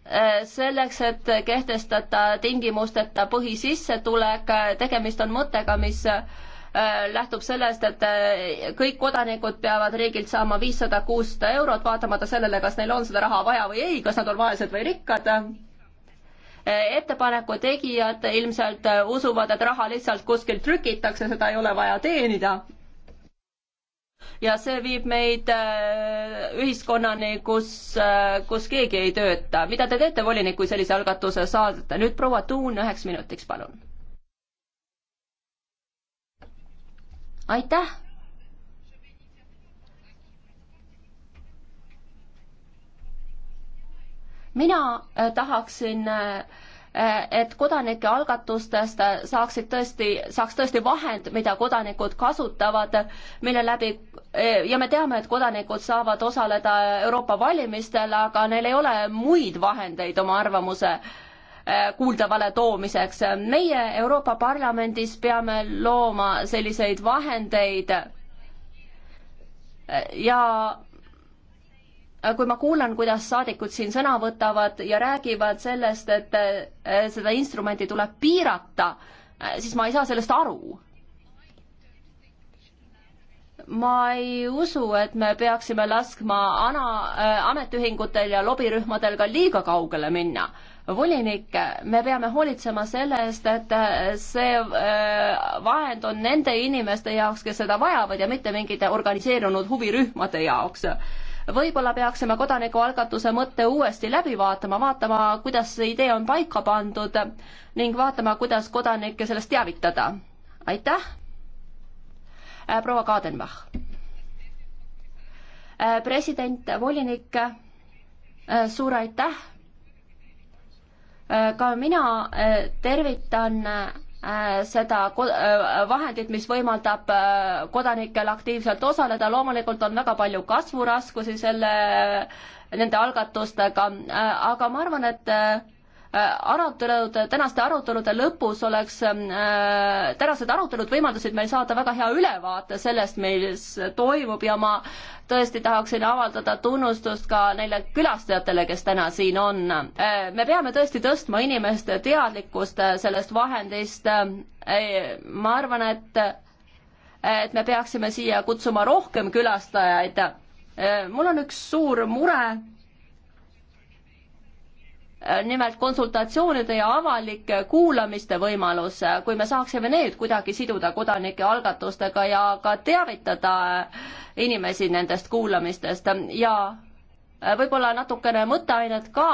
äh, selleks, et kehtestada tingimusteta põhisissetulek, tegemist on mõttega, mis lähtub sellest, et kõik kodanikud peavad riigilt saama viissada, kuussada eurot, vaatamata sellele, kas neil on seda raha vaja või ei, kas nad on vaesed või rikkad ettepaneku tegijad ilmselt usuvad, et raha lihtsalt kuskilt trükitakse, seda ei ole vaja teenida. ja see viib meid äh, ühiskonnani, kus, äh, kus keegi ei tööta. mida te teete, volinik, kui sellise algatuse saadate? nüüd proua Tuun üheks minutiks, palun. aitäh mina äh, tahaksin äh, äh, et kodanike algatustest saaksid tõesti, saaks tõesti vahend, mida kodanikud kasutavad, mille läbi ja me teame, et kodanikud saavad osaleda Euroopa valimistel, aga neil ei ole muid vahendeid oma arvamuse kuuldavale toomiseks. meie Euroopa Parlamendis peame looma selliseid vahendeid ja Äh, kui ma kuulan, kuidas saadikud siin sõna võtavad ja räägivad sellest, et äh, seda instrumenti tuleb piirata, äh, siis ma ei saa sellest aru. ma ei usu, et me peaksime laskma ana-, ametiühingutel ja lobirühmadel ka liiga kaugele minna volinik, me peame hoolitsema selle eest, et see vahend on nende inimeste jaoks, kes seda vajavad ja mitte mingite organiseerunud huvirühmade jaoks võib-olla peaksime kodanikualgatuse mõtte uuesti läbi vaatama, vaatama, kuidas see idee on paika pandud ning vaatama, kuidas kodanikke sellest teavitada. aitäh, äh, proua Kadenbach. Äh, president, volinik, äh, suur aitäh. ka mina tervitan Äh, seda äh, vahendit, mis võimaldab äh, kodanikel aktiivselt osaleda, loomulikult on väga palju kasvuraskusi selle, nende algatustega, aga ma arvan, et Äh, arutelude, tänaste arutelude lõpus oleks, äh, tänased arutelud võimaldasid meil saada väga hea ülevaate sellest, mis toimub ja ma tõesti tahaksin avaldada tunnustust ka neile külastajatele, kes täna siin on. Äh, me peame tõesti tõstma inimeste teadlikkust sellest vahendist. ma arvan, et, et me peaksime siia kutsuma rohkem külastajaid. mul on üks suur mure Äh, nimelt konsultatsioonide ja avalike kuulamiste võimalus, äh, kui me saaksime need kuidagi siduda kodanike algatustega ja ka teavitada äh, inimesi nendest kuulamistest ja võib-olla natukene mõtteainet ka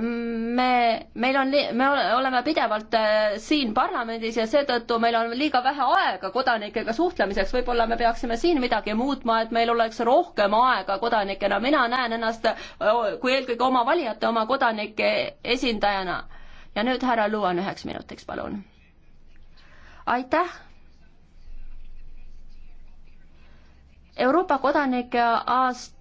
me, meil on, me oleme pidevalt äh, siin parlamendis ja seetõttu meil on liiga vähe aega kodanikega suhtlemiseks, võib-olla me peaksime siin midagi muutma, et meil oleks rohkem aega kodanikena, mina näen ennast äh, kui eelkõige oma valijate, oma kodanike esindajana. ja nüüd härra Luan üheks minutiks, palun. aitäh Euroopa kodanike aasta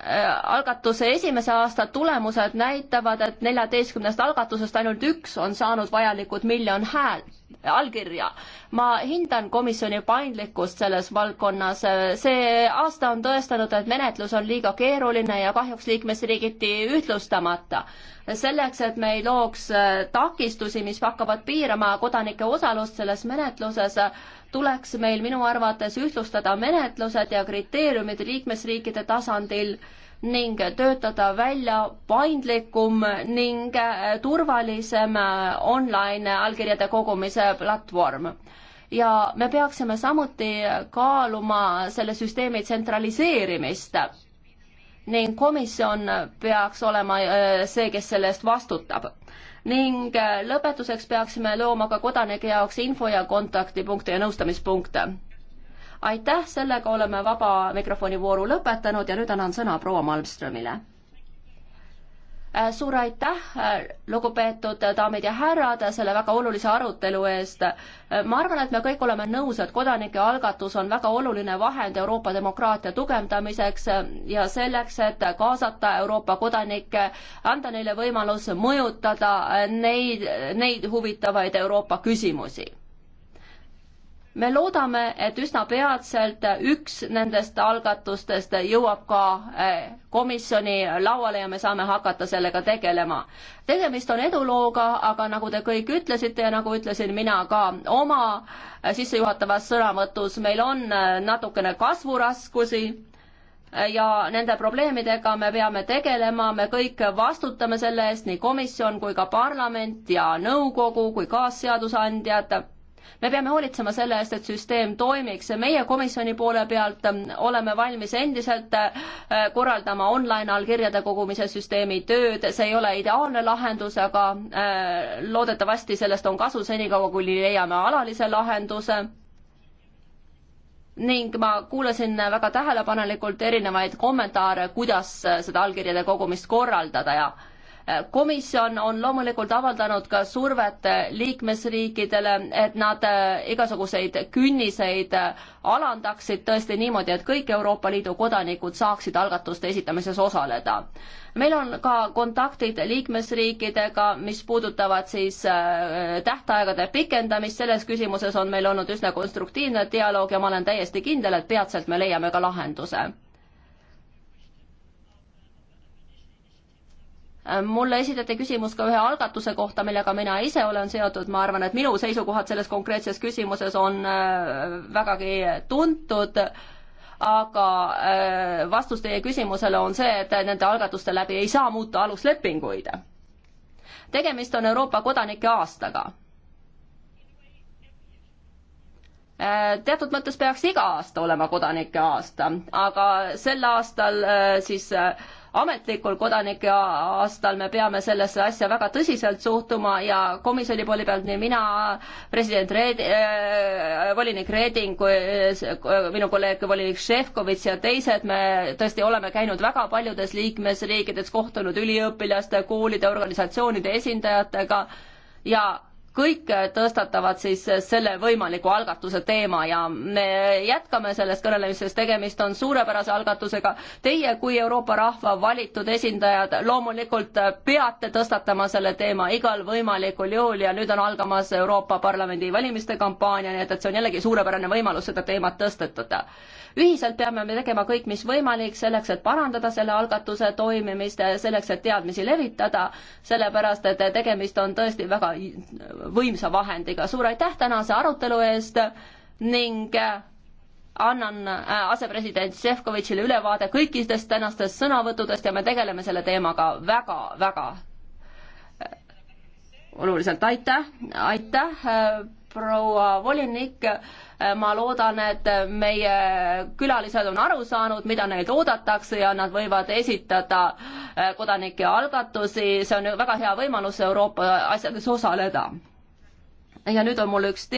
Äh, algatuse esimese aasta tulemused näitavad, et neljateistkümnest algatusest ainult üks on saanud vajalikud miljon häält allkirja. ma hindan komisjoni paindlikkust selles valdkonnas. see aasta on tõestanud, et menetlus on liiga keeruline ja kahjuks liikmesriigiti ühtlustamata. selleks, et me ei looks takistusi, mis hakkavad piirama kodanike osalust selles menetluses, tuleks meil minu arvates ühtlustada menetlused ja kriteeriumid liikmesriikide tasandil ning töötada välja paindlikum ning äh, turvalisem äh, online allkirjade kogumise platvorm. ja me peaksime samuti kaaluma selle süsteemi tsentraliseerimist ning komisjon peaks olema äh, see, kes selle eest vastutab. ning lõpetuseks peaksime looma ka kodanike jaoks info ja kontaktipunkte ja nõustamispunkte aitäh, sellega oleme vaba mikrofoni vooru lõpetanud ja nüüd annan sõna proua Malmströmile. Äh, suur aitäh, äh, lugupeetud äh, daamid ja härrad, selle väga olulise arutelu eest. ma arvan, et me kõik oleme nõus, et kodanike algatus on väga oluline vahend Euroopa demokraatia tugevdamiseks ja selleks, et kaasata Euroopa kodanikke, anda neile võimalus mõjutada neid, neid huvitavaid Euroopa küsimusi me loodame, et üsna peatselt üks nendest algatustest jõuab ka eh, komisjoni lauale ja me saame hakata sellega tegelema. tegemist on edulooga, aga nagu te kõik ütlesite ja nagu ütlesin mina ka oma eh, sissejuhatavas sõnavõtus, meil on eh, natukene kasvuraskusi ja nende probleemidega me peame tegelema, me kõik vastutame selle eest, nii komisjon kui ka parlament ja nõukogu kui kaasseadusandjad me peame hoolitsema selle eest, et süsteem toimiks ja meie komisjoni poole pealt ähm, oleme valmis endiselt äh, korraldama online allkirjade kogumise süsteemi tööd, see ei ole ideaalne lahendus, aga äh, loodetavasti sellest on kasu senikaua, kuni leiame alalise lahenduse ning ma kuulasin väga tähelepanelikult erinevaid kommentaare, kuidas äh, seda allkirjade kogumist korraldada ja komisjon on loomulikult avaldanud ka survet liikmesriikidele, et nad äh, igasuguseid künniseid äh, alandaksid tõesti niimoodi, et kõik Euroopa Liidu kodanikud saaksid algatuste esitamises osaleda. meil on ka kontaktid liikmesriikidega, mis puudutavad siis äh, tähtaegade pikendamist, selles küsimuses on meil olnud üsna konstruktiivne dialoog ja ma olen täiesti kindel, et peatselt me leiame ka lahenduse Äh, mulle esitati küsimus ka ühe algatuse kohta, millega mina ise olen seotud, ma arvan, et minu seisukohad selles konkreetses küsimuses on äh, vägagi tuntud, aga äh, vastus teie küsimusele on see, et nende algatuste läbi ei saa muuta aluslepinguid. tegemist on Euroopa kodanike aastaga. teatud mõttes peaks iga aasta olema kodanike aasta, aga sel aastal siis äh, ametlikul kodanike aastal me peame sellesse asja väga tõsiselt suhtuma ja komisjoni poole pealt nii mina, president Red- äh,, volinik Reding kui äh, minu kolleeg volinik Šefkovitš ja teised, me tõesti oleme käinud väga paljudes liikmesriikides, kohtunud üliõpilaste, koolide, organisatsioonide esindajatega ja kõik tõstatavad siis selle võimaliku algatuse teema ja me jätkame sellest kõnelemisest, tegemist on suurepärase algatusega. Teie kui Euroopa rahva valitud esindajad loomulikult peate tõstatama selle teema igal võimalikul juhul ja nüüd on algamas Euroopa Parlamendi valimiste kampaania, nii et, et see on jällegi suurepärane võimalus seda teemat tõstatada ühiselt peame me tegema kõik, mis võimalik, selleks, et parandada selle algatuse toimimist, selleks, et teadmisi levitada, sellepärast et tegemist on tõesti väga võimsa vahendiga. suur aitäh tänase arutelu eest ning äh, annan äh, asepresident Šefkovitšile ülevaade kõikidest tänastest sõnavõttudest ja me tegeleme selle teemaga väga-väga äh, oluliselt. aitäh, aitäh proua volinik, ma loodan, et meie külalised on aru saanud, mida neilt oodatakse ja nad võivad esitada äh, kodanike algatusi, see on väga hea võimalus Euroopa asjades osaleda. ja nüüd on mul üks